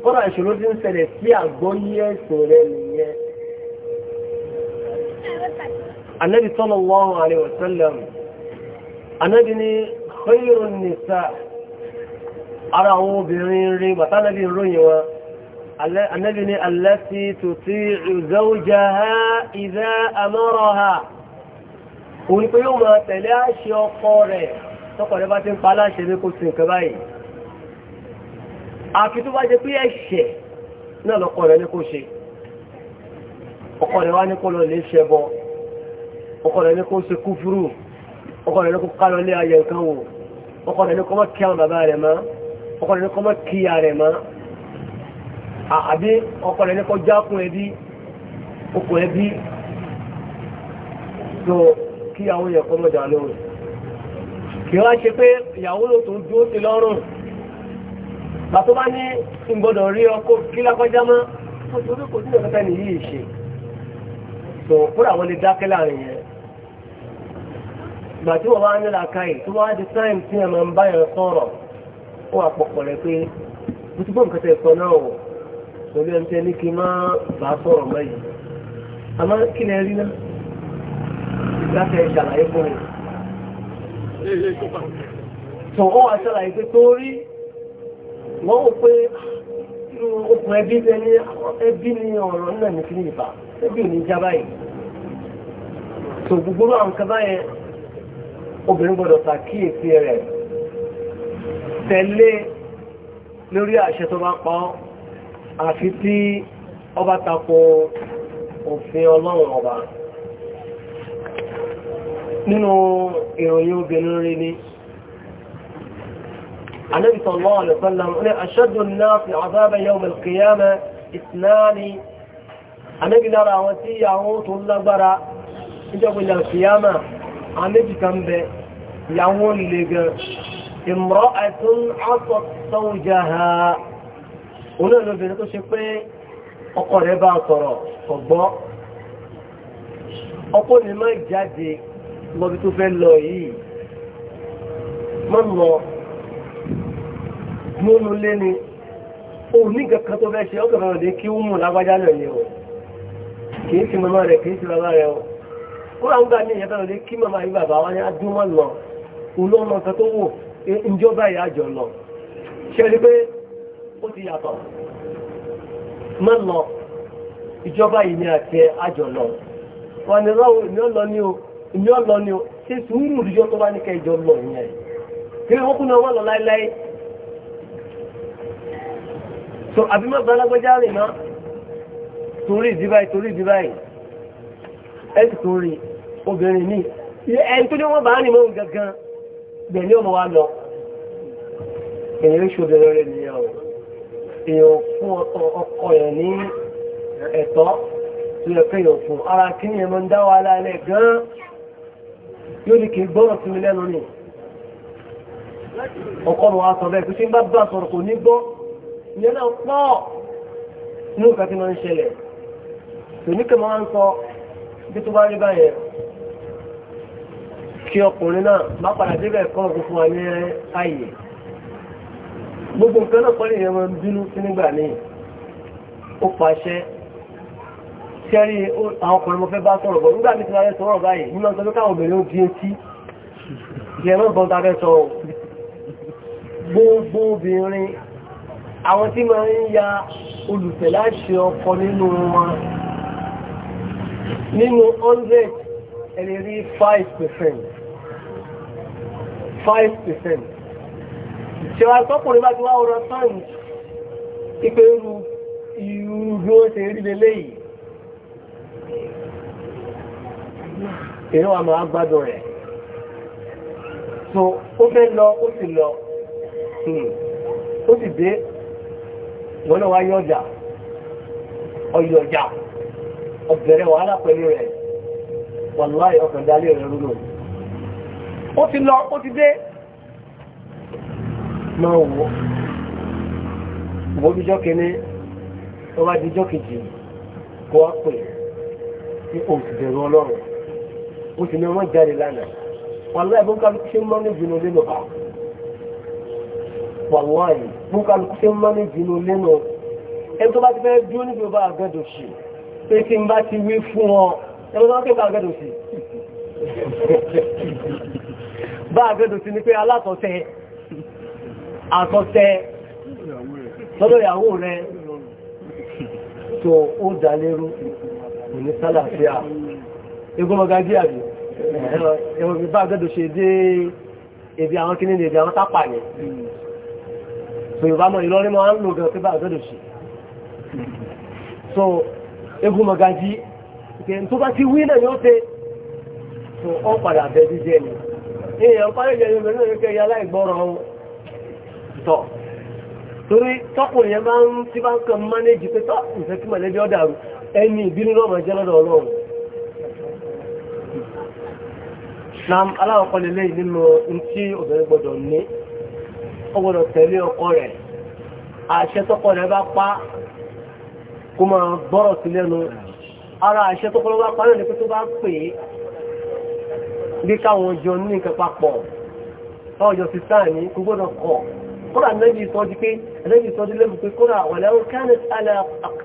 kọ́nà ìṣòro tí ń ṣẹlẹ̀ sí àgbọ́yé ẹ̀sìn rẹ̀ nìyẹn Ànábì sallallahu alaihi wasallam Ànábì ní khayrun nisa ara àwọn obìnrin rí bàtà ròyìn wọn Ànábì ní allati òun ni pé yóò máa tẹ̀lé àṣẹ ọkọ rẹ̀ tọkọ rẹ̀ bá ti ń pa aláṣẹ ní kò sí nǹkan báyìí àfi tó bá jẹ pé ẹ̀ṣẹ̀ náà lọkọ rẹ̀ ní kò ṣe ọkọ rẹ̀ wá ní kó lọ lè ṣẹbọ ọkọ rẹ̀ ní kó ṣe kúfúrú ọkọ rẹ̀ ní kó kálọ lé ayẹ nǹkan wò ọkọ rẹ̀ ní kó má kí àwọn bàbá rẹ̀ mọ́ ọkọ rẹ̀ ní kó má kí kí àwọn èèyàn kọ́ mọ̀dà lọ́rùn kí wá ṣe pé ìyàwó ló tún dúró sí lọ́rùn bàtó bá ní ìgbọ́dọ̀ rí ọkọ kí lákọjá mọ́ ó ti orí kò sí ìrọ̀kẹ́ta nìyí ìṣe tó kúrò àwọn lè dákẹ́ láàrin yẹn ìgbà tí wọ́n wá ní làákàyè tó wá di táìm tí ẹ̀ máa ń bá yẹn sọ̀rọ̀ ó wà pọ̀pọ̀ rẹ̀ pé mo ti gbọ́ nǹkan tẹ̀ sọ náà wò torí ẹni tẹ́ ní kí n má bàá sọ̀rọ̀ mọ́ yìí àmọ́ kí lẹ rí náà láti ẹ̀ ṣàlàyé fún ẹ̀. Tọ̀ wọ́n wá ṣàlàyé pé tó rí wọ́n wò pé irú okùn ẹbí ẹni ẹbí ni ọ̀rọ̀ náà ní kí ní ìbá ẹbí ò ní já báyìí. Tò gbogbo àwọn nǹkan báyẹn obìnrin gbọ́dọ̀ ṣàkíyèsí rẹ̀ tẹ̀lé lórí àṣẹ tó bá pa ọ́ àfi tí ọba tako òfin ọlọ́run ọba nínú ìròyìn obìnrin rí ni النبي صلى الله عليه وسلم أشد الناس عذابا يوم القيامة اثنان النبي نرى وسيعه طلبرا جاب إلى القيامة النبي كان يقول لك امرأة عصت زوجها هنا نبي نقول شكوين أقربا صرا فضاء أقول لما جادي mọ́bí tó fẹ́ lọ yìí mọ́ lọ múnú lé ni ó ní kankan tó fẹ́ ṣe ọ́ kankan lè kí ó mú lágbájá náà ni o kìí sí mọ́mọ́ rẹ̀ kìí sí bàbá rẹ̀ o ó rà ń gbà ní ìyàtọ̀ lè kí mọ́mọ́ yìí bàbá wa ní adúmọ̀ lọ olóòmọ̀ kan tó wò ìjọba ìyá àjọ lọ ṣe rí pé ó ti yàtọ̀ mọ́ lọ ìjọba yìí ni àti àjọ lọ wà ní ọlọ́ ní o ìní ọlọ ni ó ṣe sùúrù ìjọ tó bá ní kẹjọ lọ ìyẹn kí wọ́n kún náà wọ́n lọ láíláí so àbí má bá lágbẹ́já rìn náà torí ìdíbáyì torí ìdíbáyì ẹ̀sì torí obìnrin ní ẹni tó ní wọ́n bá rìn mọ́ gangan gbẹ̀lẹ́ ọmọ wa lọ èyí ṣòbẹ̀rẹ̀ rẹ̀ nìyẹn o èèyàn fún ọkọ ẹ̀ ní ẹ̀tọ́ tó yẹ kéèyàn fún ara kí ni ẹ̀ ń dá wa lálẹ́ gan-an yóò ní kí n gbọ́rọ̀ sí mi lẹ́nu ni ọkọ mi wá sọ bẹ́ẹ̀ pé ṣé ń bá bá sọ̀rọ̀ kò ní gbọ́ ìyẹn náà pọ̀ ní nǹkan tí wọ́n ń ṣẹlẹ̀ tòní kí wọ́n ń sọ bí tó bá rí báyẹn kí ọkùnrin náà má padà débẹ̀ kọ́ ọ̀gbìn wa ní ààyè gbogbo nǹkan náà kọ́ lè yẹn wọn bínú sí nígbà míì ó pàṣẹ sẹ́rí àwọn ọkùnrin mo fẹ́ bá sọ̀rọ̀ bọ̀ nígbà tí wọ́n sọ̀rọ̀ báyìí nínú ọjọ́ lókà obìnrin ó di etí ìyẹ̀rọ gan ta fẹ́ sọ gbogbo obìnrin àwọn tí máa ń ya olùfẹ́ láṣẹ ọkọ nínú wọn nínú 100 ẹni rí 5% 5% ṣẹ̀wà tọ́kùnrin bá ti wá ọ̀rọ̀ sáǹtì ìpé irú irú bí wọ́n ṣe rí lélẹ́yìí èyí wà máa gbádùn rẹ̀ so ó fẹ́ lọ ó sì lọ hmm. ó sì dé wọn náà wá yọ ọjà ọyọ ọjà ọbẹ̀rẹ̀ wàhálà pẹ̀lú rẹ̀ wàláì ọkàn dálé rẹ̀ rúnú ó ti lọ ó ti dé máa wò wò díjọ́ kìíní wọ́n bá díjọ́ kejì kó wá pè ní òṣìbẹ̀rù ọlọ́run bó ti ní wọ́n jáde lánàá wàlúwà bó kálukú ṣe ń mọ́ ní ìbínú lẹ́nu bá wàlúwà yìí bó kálukú ṣe ń mọ́ ní ìbínú lẹ́nu ẹni tó bá ti fẹ́ dúró níbi ọba àgẹ́dọ̀ sí pé kí n bá ti wí fún ọ ẹni tó bá kébà àgẹ́dọ̀ sí bá àgẹ́dọ̀ sí ni pé alátọ̀tẹ̀ àtọ̀tẹ̀ lọ́dọ̀ ìyàwó rẹ̀ tó ó dá lérú òní sálàfíà. egun magají àbí ẹ̀rọ ìbá àgẹ́dò ṣe dé ebi àwọn kíní ni ebi àwọn tápà ní so yorùbá mọ̀ ìlọrin máa ń lò gan pé bá àgẹ́dò ṣe so egun magají tó bá ti wí náà yóò pé so ọ padà èèyàn parí náà yóò torí yẹn máa ń tí bá ń pé ìfẹ́ kí mọ̀lẹ́bí ọ̀dà ẹni ìbínú náà máa jẹ́ lọ́dọ̀ ọlọ́run náà aláwọ̀kọ́ lélẹ́ nínú tí obìnrin gbọdọ̀ ní ó gbọdọ̀ tẹ̀lé ọkọ rẹ̀ àṣẹ tọ́kọ rẹ̀ bá pa kó máa gbọ́rọ̀ sí lẹ́nu ara àṣẹ tọ́kọ rẹ̀ bá pa náà ní pé tó bá pè é bí káwọn jọ ní nǹkan papọ̀ ọjọ́ ti sáà ní kò gbọdọ̀ kọ̀ kódà nẹ́bí sọ di pé nẹ́bí sọ di lẹ́bù pé kódà wà lẹ́wọ́ kánẹ̀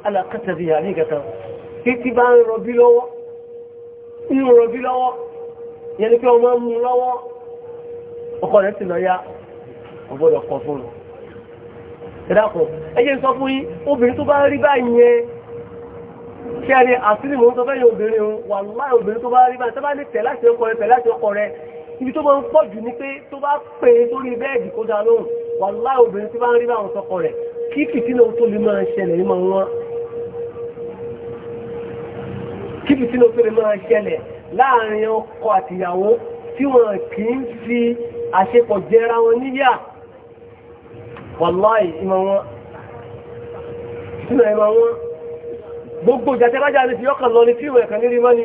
alákàtàbí àríkàtà títí bá ń rọbí lọ́wọ́ yẹn ni ọmọ mú lọ́wọ́ ọkọ rẹ̀ sì lọ ya ọgbọ́dọ̀ kọ fún un ìdákùn ẹjẹ́ sọ fún yín obìnrin tó bá rí báyìí yẹn kí a ní àsìlì mò ń sọ fẹ́yìn obìnrin òun wà láì obìnrin tó bá rí báyìí tó bá ní tẹ̀lé àti ọkọ rẹ̀ tẹ̀lé àti ọkọ rẹ̀ ibi tó máa ń pọ̀ jù ni pé tó bá pè é sórí bẹ́ẹ̀dì kó dá lóhùn wà láì obìnrin tó bá ń rí báwọn sọkọ rẹ̀ kí fìtínà tó lè láàrin ọkọ àtìyàwó tí wọ́n kì ń fi àṣepọ̀ jẹra wọn níyà wàláì ìmọ̀ wọn sínú ìmọ̀ wọn gbogbo jàtẹ́lájà ní fi ọkàn lọ ní fíìmù ẹ̀kan nírí mọ́ ni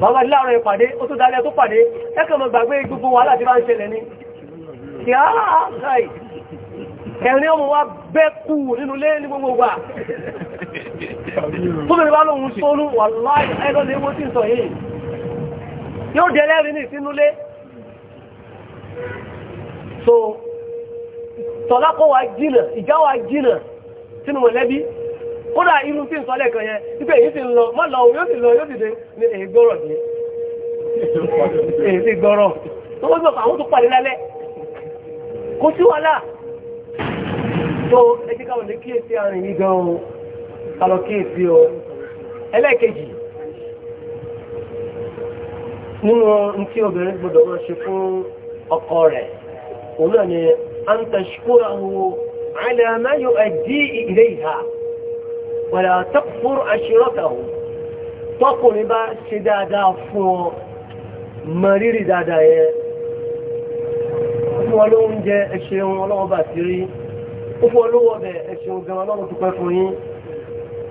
bàbá láàrin ìpàdé ó tó dalẹ̀ tó pàdé ẹkàn mọ̀ gbàgbé gbogbo wàhálà tí bá ń ṣẹlẹ̀ ni kí á ẹ̀rin ọmọ wa bẹ́kù nínú lé ní gbogbo wa fúnbẹ̀rẹ̀ bá lóhun sólú wà láì ẹgbẹ́ lè wó tí ń sọ yìí yóò jẹ lẹ́rin ní ìsinúlé so tọ́lákọ́ wa jìnà ìjà wa jìnà sínú mọ̀lẹ́bí kódà irú tí ń sọ lẹ́kan yẹn wípé èyí ti lọ má lọ yóò ti lọ yóò ti dé ní èyí gbọ́rọ̀ dé èyí ti gbọ́rọ̀ tó wọ́n sọ àwọn tó pàdé lálẹ́ kò sí wàhálà lè kíyèsí àrùn yìí gan kàlọ́kíyèsí o ẹlẹ́ẹ̀kejì nínú tí obìnrin gbọdọ̀ máa ṣe fún ọkọ rẹ̀ òun náà ni an tashkurahu ala ma yu'addi ilayha wala takfur ashiratahu tọkùnrin bá ṣe dáadáa fún ọ mọ rírì dáadáa yẹn fún ọlọ́run jẹ ẹṣẹ wọn ọlọ́run bá fún ọlọ́wọ́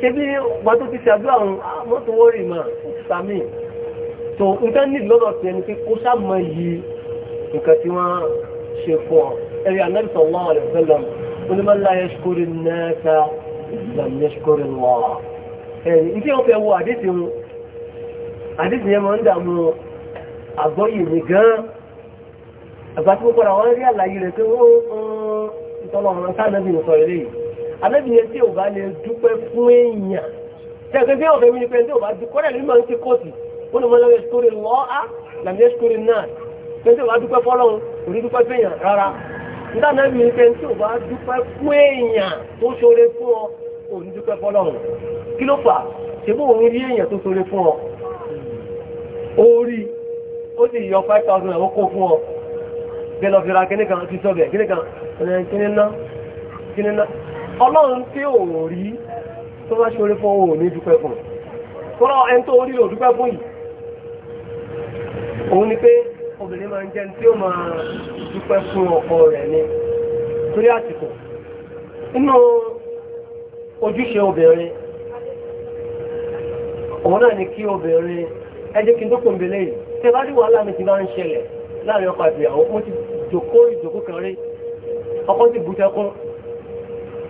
ṣe bí ọgbà tó ti ṣàdúrà ọ̀run mọ́tò wọ́rì mà sàmì tó nǹkan ní lọ́dọ̀ tí ẹni pé kó sàmọ yìí nǹkan tí wọ́n ṣe fún ọ ẹ̀rí Ànábì sallallahu alaihi wasallam onímọ̀ la yashkuru an-nasa Allah ẹ̀rí ní kí wọ́n fẹ́ wo àdéhùn wọn àdéhùn yẹn máa ń dààmú àgbọ́yè mi gan-an àgbà tí mo padà wọ́n rí àlàyé rẹ̀ pé ó ń tọ́lọ́ àbẹ́bí yẹn tí ò bá lè dúpẹ́ fún èèyàn tí àgbẹ̀ bí ọ̀fẹ́ mi ni pé tí ò bá dúpẹ́ kọ́dà nínú àwọn ti kóòtù ó ní mọ́lẹ́wẹ́ sórí lọ́ọ́ làmìlẹ́ sórí náà pé tí ò bá dúpẹ́ fọ́lọ́run kò ní dúpẹ́ fẹ́yàn rárá nígbà náà mi ni pé tí ò bá dúpẹ́ fún èèyàn tó ṣoore fún ọ kò ní dúpẹ́ fọ́lọ́run kí ló fà ṣèbú òun rí èèyàn tó ṣoore fún ọ orí ó sì yọ five thousand ẹ̀ ó kó fún ọ ọlọ́run tí ò rí tó bá ṣe orí fún òun ò ní dúpẹ́ fún fúnra ẹni tó orí ò dúpẹ́ fún yìí òun ni pé obìnrin máa ń jẹun tí ó máa dúpẹ́ fún ọkọ rẹ̀ ni torí àsìkò nínú ojúṣe obìnrin òun náà ni kí obìnrin ẹjẹ́ kí n tó kòmbélé yìí tí bá rí wàhálà mi ti máa ń ṣẹlẹ̀ láàrin ọkọ àti ìyàwó mo ti jòkó ìjòkó kan rí ọkọ ti bùtẹ́kún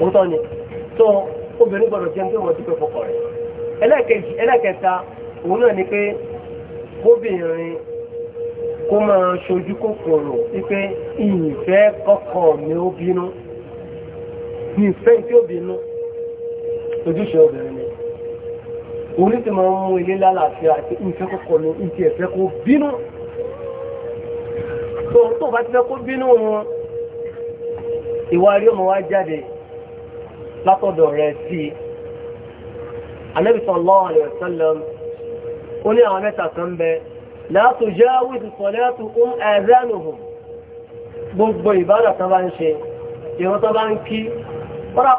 òótọ́ ni tó obìnrin gbọ́dọ̀ jẹun pé wọ́n ti pẹ́ fọkọ rẹ̀ ẹlẹ́ẹ̀kejì ẹlẹ́ẹ̀kẹta òun náà ni pé kóbìnrin kó máa ṣojú kòkòrò wípé ìfẹ́ kọ́kọ́ mi ó bínú ìfẹ́ tí ó bínú ojúṣe obìnrin ni orí ti máa ń mú ilé lálàáfíà àti ìfẹ́ kọ́kọ́ ní ìfẹ́ ẹ̀fẹ́ kó bínú tó tó bá ti fẹ́ kó bínú wọn ìwà rí ọmọ wa jáde látọ̀dọ̀ rẹ̀ sí i Ànábì sallallahu alaihi wasallam ó ní àwọn mẹ́ta kan bẹ la tujawizu salatuhum adhanuhum gbogbo ìbádà tán bá ń ṣe ìwọ́n tán bá ń kí wọ́n rà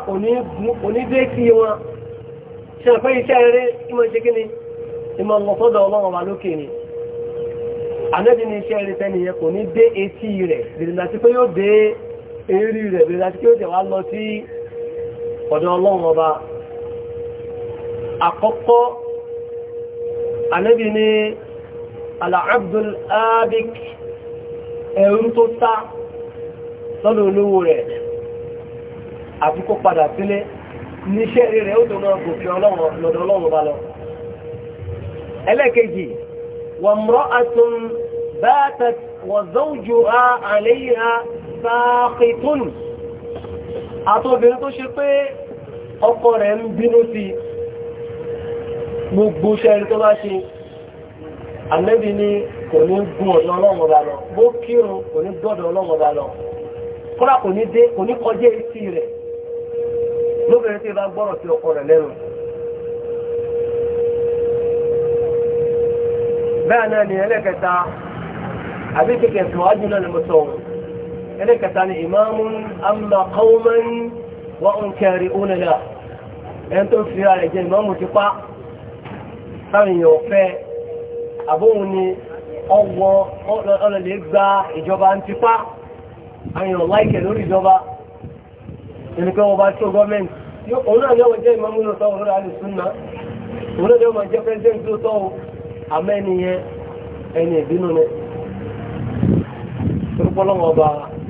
onídé kí wọn ṣe ọ̀pẹ́ iṣẹ́ eré ìmọ̀ ṣe kí ni ìmọ̀ ọ̀sọ́dọ̀ ọlọ́run wà lókè ni Ànábì ní iṣẹ́ eré tẹ́niyẹ kò ní dé etí rẹ̀ bèrè láti pé yóò dé eré rẹ̀ bèrè láti pé yóò dẹ̀ wá lọ sí ọ̀dọ̀ ọlọ́run ọba àkọ́kọ́ anẹ́bí ni al'abdul abik ẹ̀rùn tó tá lọ́dọ̀ olówó rẹ̀ àti kó padà sílé níṣẹ́ rẹ̀ ó tó náà gòkè lọ́dọ̀ ọlọ́run ọba lọ ẹlẹ́kejì wàmúrọ́atún bátat wàzọ́jọ́ àlẹ́yà sáàkìtún àtọ́bìnrin tó ṣe pé ọkọ rẹ̀ ń bínú sí gbogbo ṣẹ́rin tó bá ṣe ànẹ́bì ni kò ní gún ọ̀nà ọlọ́mọba lọ bó kírun kò ní gbọ́dọ̀ ọlọ́mọba lọ kọ́lá kò ní dé kò ní kọjá etí rẹ̀ lóbìnrin tí ó bá gbọ́rọ̀ sí ọkọ rẹ̀ lẹ́nu bẹ́ẹ̀ náà ni ẹlẹ́kẹta àbí kékeré tó wájú náà ni mo sọ òun ẹlẹ́kẹta ni ìmáàmù amma qawman wa ń kẹrì ònàlá ẹni tó fi ara jẹ ìmáàmù ti pa táwọn èèyàn fẹ́ àbóhun ni ọwọ́ ọlọ́lẹ̀ gba ìjọba ń ti pa àwọn èèyàn láìkẹ̀ lórí ìjọba ẹni pé wọ́n bá tó gọ́ọ̀mẹ́ntì òun náà yóò jẹ́ ìmáàmù lóòótọ́ òun náà lè súnà òun náà yóò máa jẹ́ pẹ́ńtẹ́ńtì lóòótọ́ àmẹ́niyẹn ẹni ìbínú ni. Turupọlọ́wọ́ bá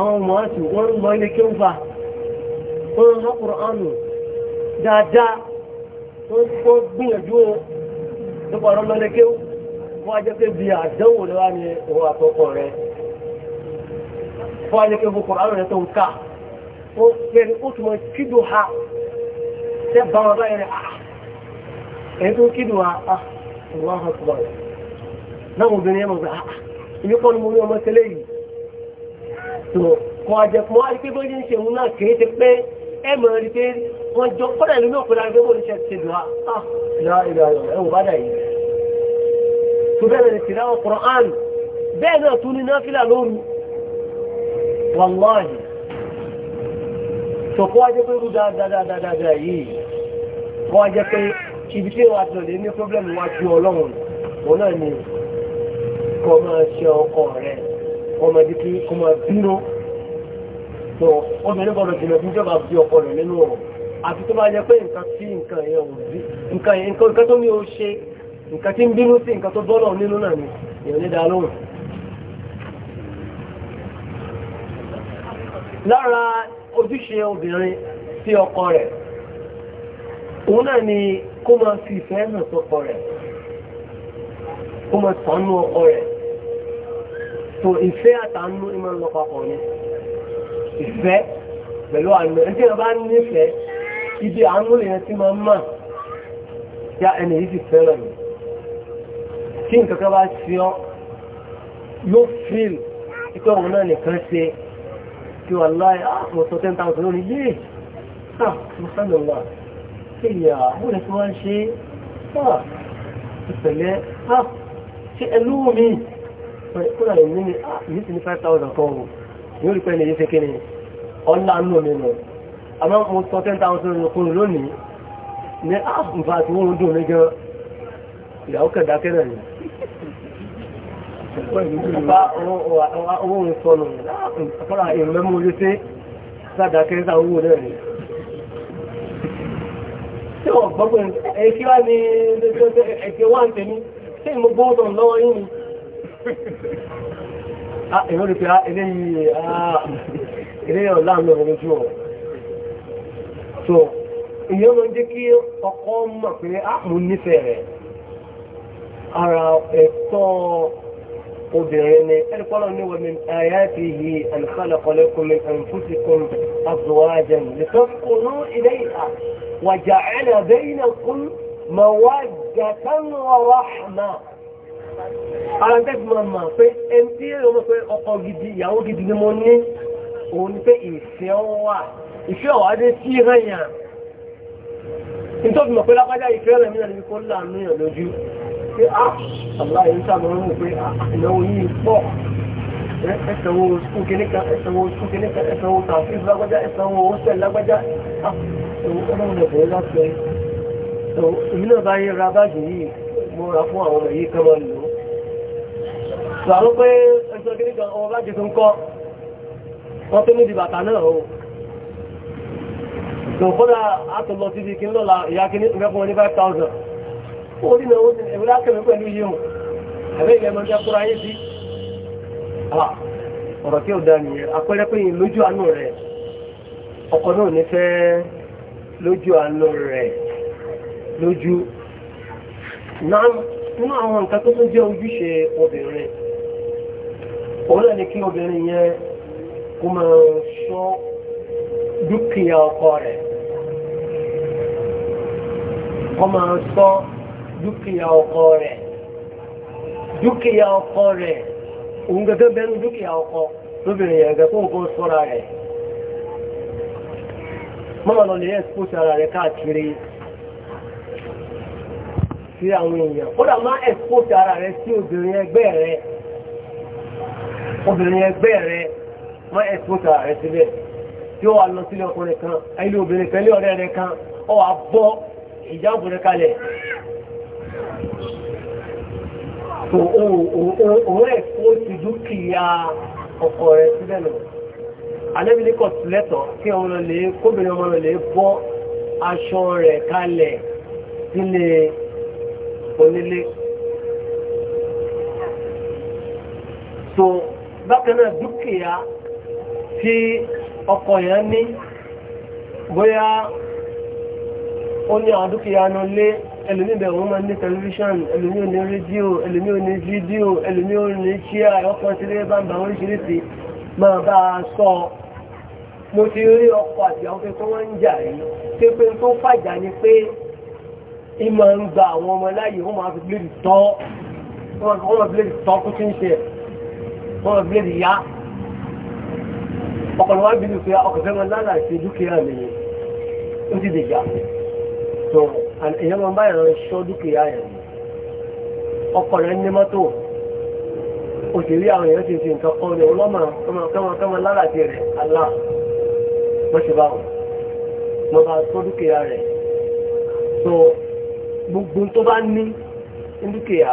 àwọn mọ̀ọ́sì wọ́n ń lọ ilé kéwùfà wọ́n ń lọ́kùnrin àánú dáadáa wọ́n kó gbìyànjú nípa ọ̀rọ̀ lọ́lé kéwù fún ajẹ́ pé bí àdánwò ló wá ní òun àkọ́kọ́ rẹ̀ fún ajẹ́ pé fún àánú rẹ̀ tó ń ká ó fẹ́ni ó tún kídùn ha tẹ́ bá wọn báyìí rẹ̀ ah èyí tó kídùn ha ah ìwọ́n hàn tó bá wọn náà obìnrin yẹn mọ̀ pé ah ìyókọ́ ah, ni mo rí ọmọ tẹ́lẹ̀ yìí tó wọn àjẹ fún wa pé bóyá ń ṣe òun náà kìí ti pé ẹ mọ̀ rí pé wọ́n jọ kọ́dà ìlú náà pẹ̀lú àgbẹ̀ bóyá ṣe ti dùn á ah, ẹ wò bá dà yìí. tó bẹ́ẹ̀ ni tìlá wọn kọ̀rọ̀ án bẹ́ẹ̀ náà tún ní náfìlà lóru wàláhì pé rú dáadáa yìí wọ́n wájẹ́ pé ibi tí wọ́n àtọ̀lẹ̀ ní pọ́blẹ́mù wá ọlọ́run òun náà ni kọ́ máa ṣe ọkọ rẹ ọmọdé kí kó máa bínú tó obìnrin gbọdọ̀ jìnà fún ìjọba bí ọkọ rẹ̀ nínú ọ̀rọ̀ àti tó bá jẹ pé nǹkan tí nǹkan yẹn ò rí nǹkan yẹn nǹkan tó ní o ṣe nǹkan tí ń bínú sí nǹkan tó bọ́lọ̀ nínú náà ni èèyàn ní dáa lóhùn. lára ojúṣe obìnrin sí ọkọ rẹ̀ òun náà ni kó máa fi ìfẹ́ hàn sọ́kọ rẹ̀ kó máa sànú ọkọ rẹ̀ so ìfẹ́ àtàánú ìmọ̀ ń lọ papọ̀ ni ìfẹ́ pẹ̀lú àánú ẹni tí wọ́n bá nífẹ̀ẹ́ ibi àánú lèyàn tí máa ń mà ya ẹni yìí ti fẹ́ràn mi kí nǹkan kan bá ṣe ọ́ yóò fíìl ikú ọ̀hún náà nìkan ṣe kí wà láì ah, mo sọ ten thousand yé ah, ṣe ah, ẹlú mi pé kúrò ní ní ní ah, ti ní five thousand kan wò ní orí pé ní ìṣe kí ni ọ̀la ń lò nínú àmọ́ mo sọ ten thousand nínú kúrò lónìí ní àbùfà ah, àti wọ́n dùn mí gan ìyàwó kẹ̀dákẹ́ náà ni bá owó ń sọnù àpárá ìrọ̀lẹ́mú ojú sí sádákẹ́ sáà owó náà ni tí wọ́n gbọ́gbọ́n ẹ̀kí wá ní ẹ̀kí wá ń tẹ̀mí tí mo gbọ́dọ̀ lọ́wọ́ yìí ni ìwọ́n ah, ni pé ah, eléyìí ọ̀láàmì ọ̀rọ̀ ojú ọ̀rọ̀ so ìyẹn máa ń jẹ́ kí ọkọ mọ̀ pé àmú ah, nífẹ̀ẹ́ rẹ̀ ara ẹ̀tọ́ obìnrin ni ẹnìkọ́lọ́ ní wọ́n mi àyà ti yí àlùkálẹ̀kọ́lẹ́kùn mi àǹfùsìkùn àzọ̀wájẹ̀ nìkan kò ní ilé ìta wàjà ẹ̀nà bẹ́yìn náà kún mọ̀wá jàtàn wọ́n wá hàmà ara tẹ́ fi máa mọ̀ pé ẹni tí èrò mọ̀ pé ọkọ gidi ìyàwó gidi ni mo ní òun ni pé ìfẹ́ wà ìfẹ́ ọ̀wádé sí ìrànyà nítorí mọ̀ pé lápájá ìfẹ́ rẹ̀ mí náà níbi kó láàánú yàn lójú pé ah, á àbúláyé ń sábà ń mú pé ah, ìnáwó yìí pọ̀ ẹsẹ̀wó sùkúù kìnìkan ẹsẹ̀wó sùkúù kìnìkan ẹsẹ̀wó tàfíìs lágbájá ẹsẹ̀wó ọ̀sẹ̀ lágbájá ah, ọlọ́run ẹ̀bùrẹ́ láti ẹ̀ èmi náà bá sàrò pé ẹjọ́ kí nígbà ọmọ bá jẹun kọ́ wọ́n tó níbi bàtà náà o tó kọ́dà àtọ̀lọ síbi kí lọ́la ìyá kí ní ìgbẹ́fún wọn ní 5000 ó rí náà ó ti ẹ̀wẹ́ lákẹ̀mẹ́ pẹ̀lú yíò ẹ̀rẹ́ ilẹ̀ mọ́ jẹ́ kúrò ayé sí ọ̀rọ̀ tí ó dá nìyẹn apẹ́rẹ́ pé lójú àánú rẹ̀ ọkọ̀ náà ní fẹ́ lójú àánú rẹ̀ lójú nínú àwọn nǹkan tó tún jẹ́ ojúṣe obìnrin òun náà kí obìnrin yẹn kó máa ṣọ́ dúkìá ọkọ rẹ̀ máa dúkìá ọkọ rẹ̀ dúkìá ọkọ rẹ̀ òun gẹ́gẹ́ bẹ́ẹ̀ ní dúkìá ọkọ lóbìnrin yẹn gẹ́gẹ́ kó rẹ̀ mọ́mọ́ lọ lè ara rẹ̀ káàkiri sí obìnrin ẹgbẹ́ rẹ má ẹ̀sùnkà rẹ síbẹ̀ tí ó wà lọ sílé ọkùnrin kan ayílé obìnrin kan lé ọ̀rẹ́ rẹ kan ọ wà bọ́ ìjáàbù rẹ kalẹ̀ òun ẹ̀ kó ti dúkìá ọkọ rẹ síbẹ̀ lọ alẹ́bìnrin kọ̀ sílẹ̀tọ̀ kí ọmọ lọ lè kóbìnrin ọmọ lọ lè bọ́ aṣọ rẹ̀ kalẹ̀ sílé onílé bákan náà dúkìá tí ọkọ yẹn ní bóyá ó ní àwọn dúkìá náà lé ẹlòmí bẹ̀rù wọn máa ní tẹlifíṣàn ẹlòmí ò ní rédíò ẹlòmí ò ní fídíò ẹlòmí ò ní ṣíà ọkọ̀ tí lè bá ń bá oríṣiríṣi máa bá a sọ mo ti rí ọkọ̀ àti àwọn pé kí wọ́n ń jà rí pé pé tó fàjà ni pé ìmọ̀ ń gba àwọn ọmọ láyè wọ́n máa fi bléèdì tọ́ kó tí ń ṣe bọ́ọ̀ bí ẹni yá ọkọ̀ lọ́wọ́ bí mi pé ọkọ̀ fẹ́ máa lálàá ṣe dúkìá mi ni ó ti dìjà tó èèyàn máa bá ìran ṣọ́ dúkìá yẹn ọkọ̀ rẹ̀ ní mọ́tò ó sì rí àwọn èèyàn ti fi nǹkan kan ní ọlọ́mọ kọ́mọ lálàá ti rẹ̀ alá wọ́n ṣe báwọn wọ́n bá tó dúkìá rẹ̀ tó gbogbo tó bá ní dúkìá.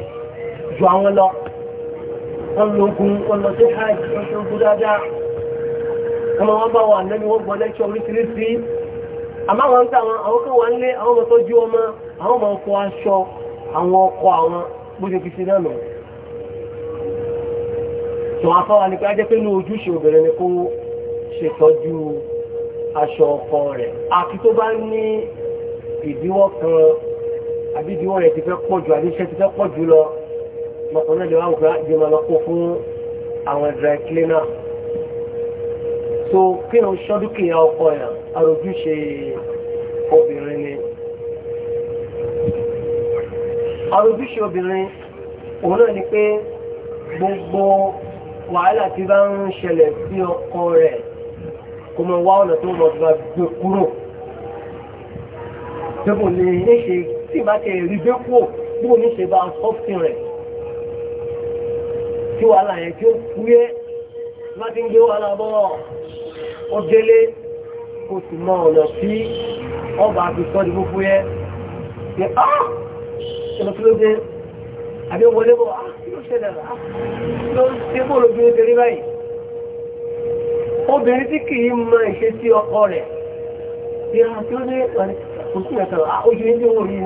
ju àwọn lọ wọ́n lógun wọ́n lọ sí hajj wọ́n tó gún dáadáa ọmọ wọn bá wà lẹ́nu wọ́n gbọ́ lẹ́kṣọ́ oríṣiríṣi àmọ́ àwọn tí àwọn àwọn kan wà ń lé àwọn ọmọ tó jú ọmọ àwọn ọmọ ọkọ̀ aṣọ àwọn ọkọ̀ àwọn bójú fi sí náà nù tó afọ́wà ní pé á jẹ́ pé ní ojúṣe obìnrin ni kó ṣètọ́jú aṣọ ọkọ rẹ̀ àti tó bá ní ìdíwọ́ kan àbí ìdíwọ́ rẹ̀ ti fẹ́ pọ̀ jù ti fẹ́ pọ̀ lọ onídìí wọn gbà jẹ́ máa lọ kó fún àwọn dry cleaner so kí ni oṣù dúkìá ọkọ yẹn àròjúṣe obìnrin ni àròjúṣe obìnrin òun náà ni pé gbogbo wàhálà tí bá ń ṣẹlẹ̀ sí ọkọ rẹ̀ kò mọ̀ wá ọ̀nà tó mọ̀ tó bá gbé kúrò tó kò lè ṣe tí ìbá tẹ̀ rí gbé kúrò bí mo ní ṣe bá sọ́ọ̀tì rẹ̀ kí wàhálà yẹn kí ó fúyẹ́ má ti ń gbé wàhálà bọ́ ó délé kó sì mọ ọ̀nà tí ọba fi sọ́ di fúfú yẹ ṣe á ah, ṣẹlẹ̀ kí ló dé àbí wọlé bọ̀ á ah, kí ló ṣẹlẹ̀ rà ah, á ló ń ṣe bó lóbi ó délé báyìí obìnrin tí kì í mọ ìṣesí ọkọ rẹ̀ bí a kí ló dé kò sí ẹ̀ka ojú ilé owó yìí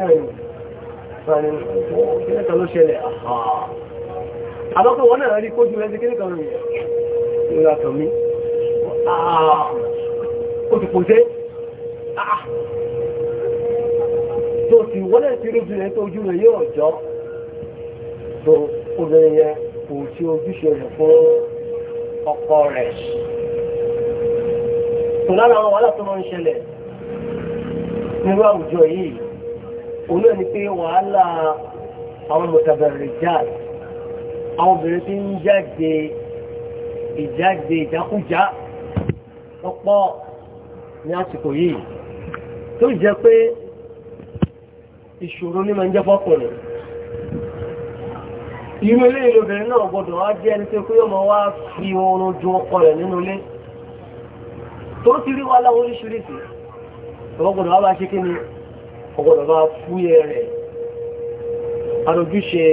àbọ́pẹ́ wọ́n náà rí kójú rẹ̀ sí kíníkan rẹ̀ ìrọ̀ àtọ̀ mi ah, ó ti pòṣẹ́ ah. tó ti wọ́n náà ti rójú rẹ̀ tó ojú rẹ̀ yóò jọ tó obìnrin yẹn kò ṣe ojúṣe rẹ̀ fún ọkọ rẹ̀ tó lára àwọn wàhálà tó máa ń ṣẹlẹ̀ nírú àwùjọ yìí òun náà ni pé wàhálà àwọn mọ̀tàbẹ̀rẹ̀ jáde àwọn obìnrin tí ń jáde ìjáde ìjákújá ọ̀pọ̀ ní àsìkò yìí tó jẹ́ pé ìṣòro ní máa ń jẹ́ fọ́kùnrin inú ilé ìlòbìnrin náà gbọdọ̀ wá jẹ́ ẹni tó pé ọmọ wá fi oorun ju ọkọ rẹ̀ nínú ilé tó ti rí wá láwọn oríṣiríṣi ọgbọ̀dọ̀ wá bá ṣe kí ni ọgbọ̀dọ̀ bá fúyẹ́ rẹ̀ àròjúṣe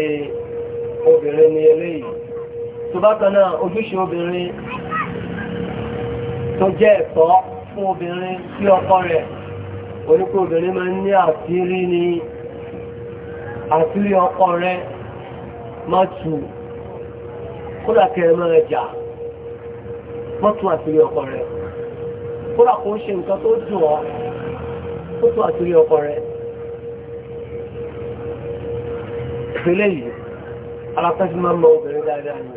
obìnrin ni eléyìí tó bákan náà ojúṣe obìnrin tó jẹ́ ẹ̀tọ́ fún obìnrin sí ọkọ rẹ̀ onípò obìnrin máa ń ní ni àṣírí ọkọ rẹ̀ máa tù kódà kẹrẹ máa jà wọ́n tún àṣírí ọkọ rẹ̀ kódà kó ṣe nǹkan tó dùn ọ́ tún ọkọ rẹ̀ ìpínlẹ̀ alápẹ́sí máa mọ obìnrin dáadáa ni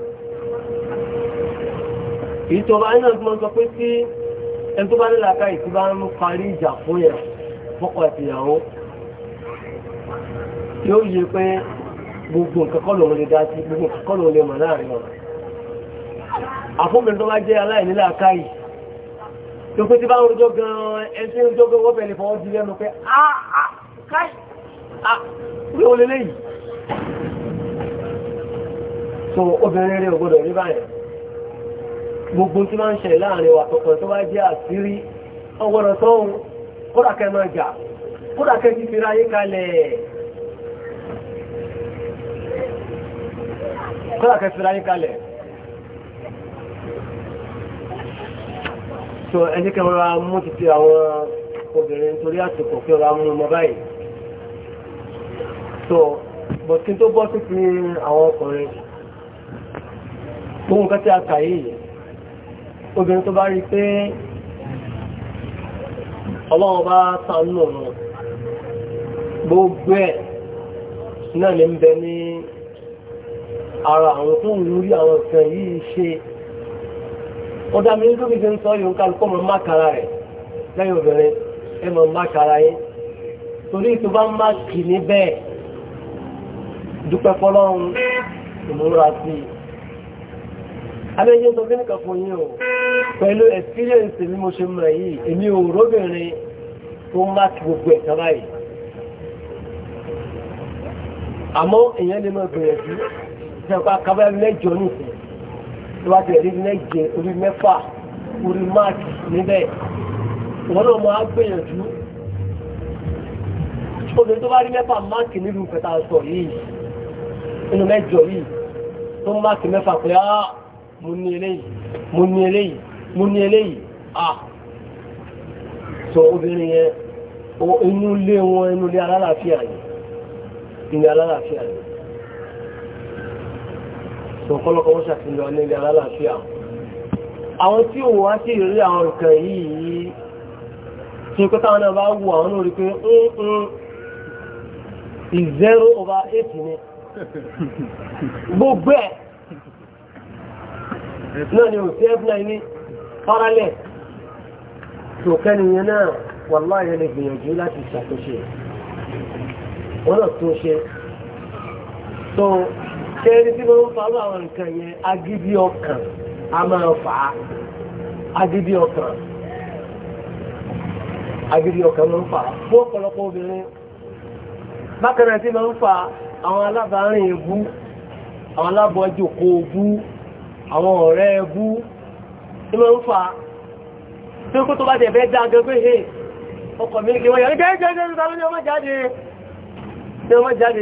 ìtọ́ba iná tí wọ́n sọ pé tí ẹni tó bá ní làákà ìtí bá ń parí ìjà fún yẹn fọ́kọ ìfìyàwó yóò yẹ pé gbogbo nǹkan kọ́ lòun lè dá sí gbogbo nǹkan kọ́ lòun lè mọ̀ láàrin wọn àfọ́bìnrin tó bá jẹ́ aláìní làákà yìí tó pé tí bá ń rojọ́ gan-an ẹni tí ń rojọ́ gan-an wọ́pẹ̀ fọwọ́ di lẹ́nu pé áà ah, ah, káì áà rí lẹ́yìn so obìnrin rẹ̀ ògbọ́dọ̀ rí báyìí gbogbo tí máa ń ṣẹlẹ̀ láàrin wà tọ̀tọ̀ tó bá jẹ́ àṣírí ọgbọ́dọ̀ sọ́hun kódà kẹ́ máa jà kódà kẹ́ ti fi ráyé kalẹ̀ kódà kẹ́ fi ráyé kalẹ̀ so ẹni kẹ́ rọra mú ti ti àwọn obìnrin torí àsìkò kí ọ̀rọ̀ amú ọmọ báyìí so bọ̀tí tó bọ́ sí ti àwọn ọkùnrin tó nǹkan tí a kàyé yìí obìnrin tó bá rí pé ọlọ́wọ́ bá tánú ọ̀nà gbogbo ẹ̀ náà ní ń bẹ ní ara àwọn tó ń rí àwọn ìfẹ́ yìí ṣe ó dá mi nítorí ṣe ń sọ yóò kálukọ́ mọ mákàrà rẹ̀ lẹ́yìn obìnrin ẹ mọ mákàrà yín torí tó bá má kì ní bẹ́ẹ̀ dúpẹ́ fọlọ́run ìmúra sí i abẹ́jẹ́ tó kí nìkan fún yín pẹ̀lú experience bí mo ṣe mọ̀ yìí èmi ò róbìnrin tó ń máa kí gbogbo ẹ̀ tán báyìí àmọ́ èèyàn lè máa bẹ̀rẹ̀ sí ìjọba kábàá mẹ́jọ nìkan tó bá tẹ̀lé mẹ́jẹ orí mẹ́fà orí máàkì níbẹ̀ wọ́n náà máa gbìyànjú obìnrin tó bá rí mẹ́fà máàkì nílùú kẹta sọ yìí nínú mẹ́jọ yìí tó máàkì mẹ́fà pé áá ah, mo ní eléyìí mo ní eléyìí mo ní eléyìí ah sọ obìnrin yẹn inú ilé wọn inú ilé alálàáfíà yìí ilé alálàáfíà yìí sọ kọ́lọ́kọ́ wọ́n ṣàfihàn ní ilé alálàáfíà àwọn tí òun wá sí ìrírí àwọn nǹkan yìí tí ó kọ́ta náà bá wù àwọn náà pé ń [laughs] gbogbo ẹ̀ náà ni òfin ẹ̀fúnà ilé faralẹ̀ tó kẹ́niyàn náà wàlá yẹn lè gbìyànjú láti ṣàtúnṣe wọn náà tún ṣe tó kẹ́rin tí wọ́n ń fa àwọn nǹkan yẹn agídí ọkàn a máa fà á agídí ọkàn agídí ọkàn ló ń fà á fún ọ̀pọ̀lọpọ̀ obìnrin bákan náà tí wọ́n ń fa àwọn alábàárìn ebú àwọn alábọ̀ọ́jòkó ebú àwọn ọ̀rẹ́ ẹbú tí wọ́n ń fa tí ó kó tó bá tẹ̀ fẹ́ dá gẹ́gbẹ́ hẹ́ ọkọ̀ mi kí wọ́n yà ní gẹ́gẹ́gẹ́ ní ọmọ jáde ní ọmọ jáde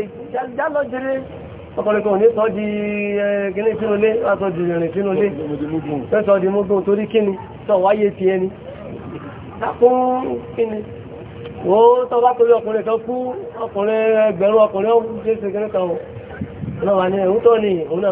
jálọ jẹrẹ ọkọ̀lẹ́kọ̀ ò ní sọ di ẹgbẹ́ sínú ilé látọ̀ di ìrìn sínú ilé fẹ́sọ̀ di múgbùn torí kíni sọ wáyé ti ẹni lákún kíni wo tọ́ bá torí ọkùnrin kan kú ọkùnrin ẹgbẹ̀rún ọkùnrin ó jẹ́ sẹ́gẹ́rẹ́ kan ọ̀nà wà ní ẹ̀hún tọ́ ni òun náà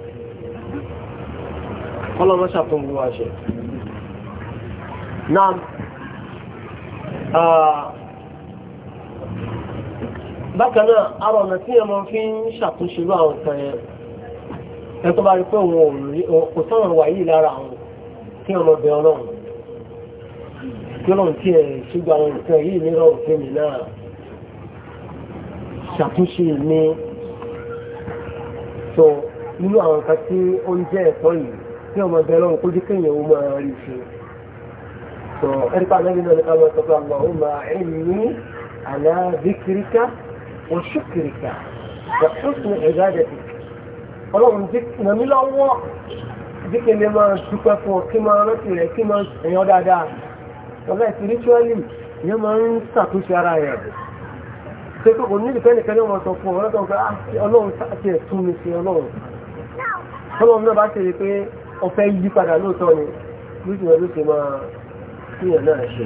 ọlọ́mọ ṣàtúnbù wa ṣe náà ah, bákan náà ara ọ̀nà tí ẹ fi ń ṣàtúnṣe lọ àwọn nǹkan yẹn ẹ bá rí pé òun kò sọ̀rọ̀ wà yìí lára àwọn kí ọmọ bẹ ọlọ́run kí ọlọ́run tí ẹ ṣùgbọ́n àwọn nǹkan yìí nírọ̀ òfin mi náà ṣàtúnṣe mi so nínú àwọn nǹkan tí ó ń jẹ́ ẹ̀tọ́ yìí kí ọmọ ẹgbẹ́ lọ́wọ́ kó jẹ́ kéèyàn ó máa rí ṣe sọ ẹ̀rípa lẹ́yìn náà ní ká máa tọ́ka àwọn ọmọ ẹ̀mí aláàbíkìríkà wọ́ṣùkìríkà wọ́ṣùkìríkà ìgbàdẹ̀tì ọlọ́run nà mí lọ́wọ́ jíkẹ́ lè máa dúpẹ́ fún ọ kí máa rántí rẹ̀ kí máa èèyàn dáadáa ọ̀gá ìfìríṣọ́lì yẹn máa ń ṣàtúnṣe ara rẹ̀ ṣe pé kò ní ìdíkẹ́ nìkan ní ọmọ sọ fún ọ lọ́tọ̀ ọlọ́run sáà ti ẹ̀ sí ọlọ́run ọlọ́run náà bá ṣe pé ọ̀fẹ́ yí padà lóòótọ́ ni lójú ló ti máa kíyàn náà ṣe.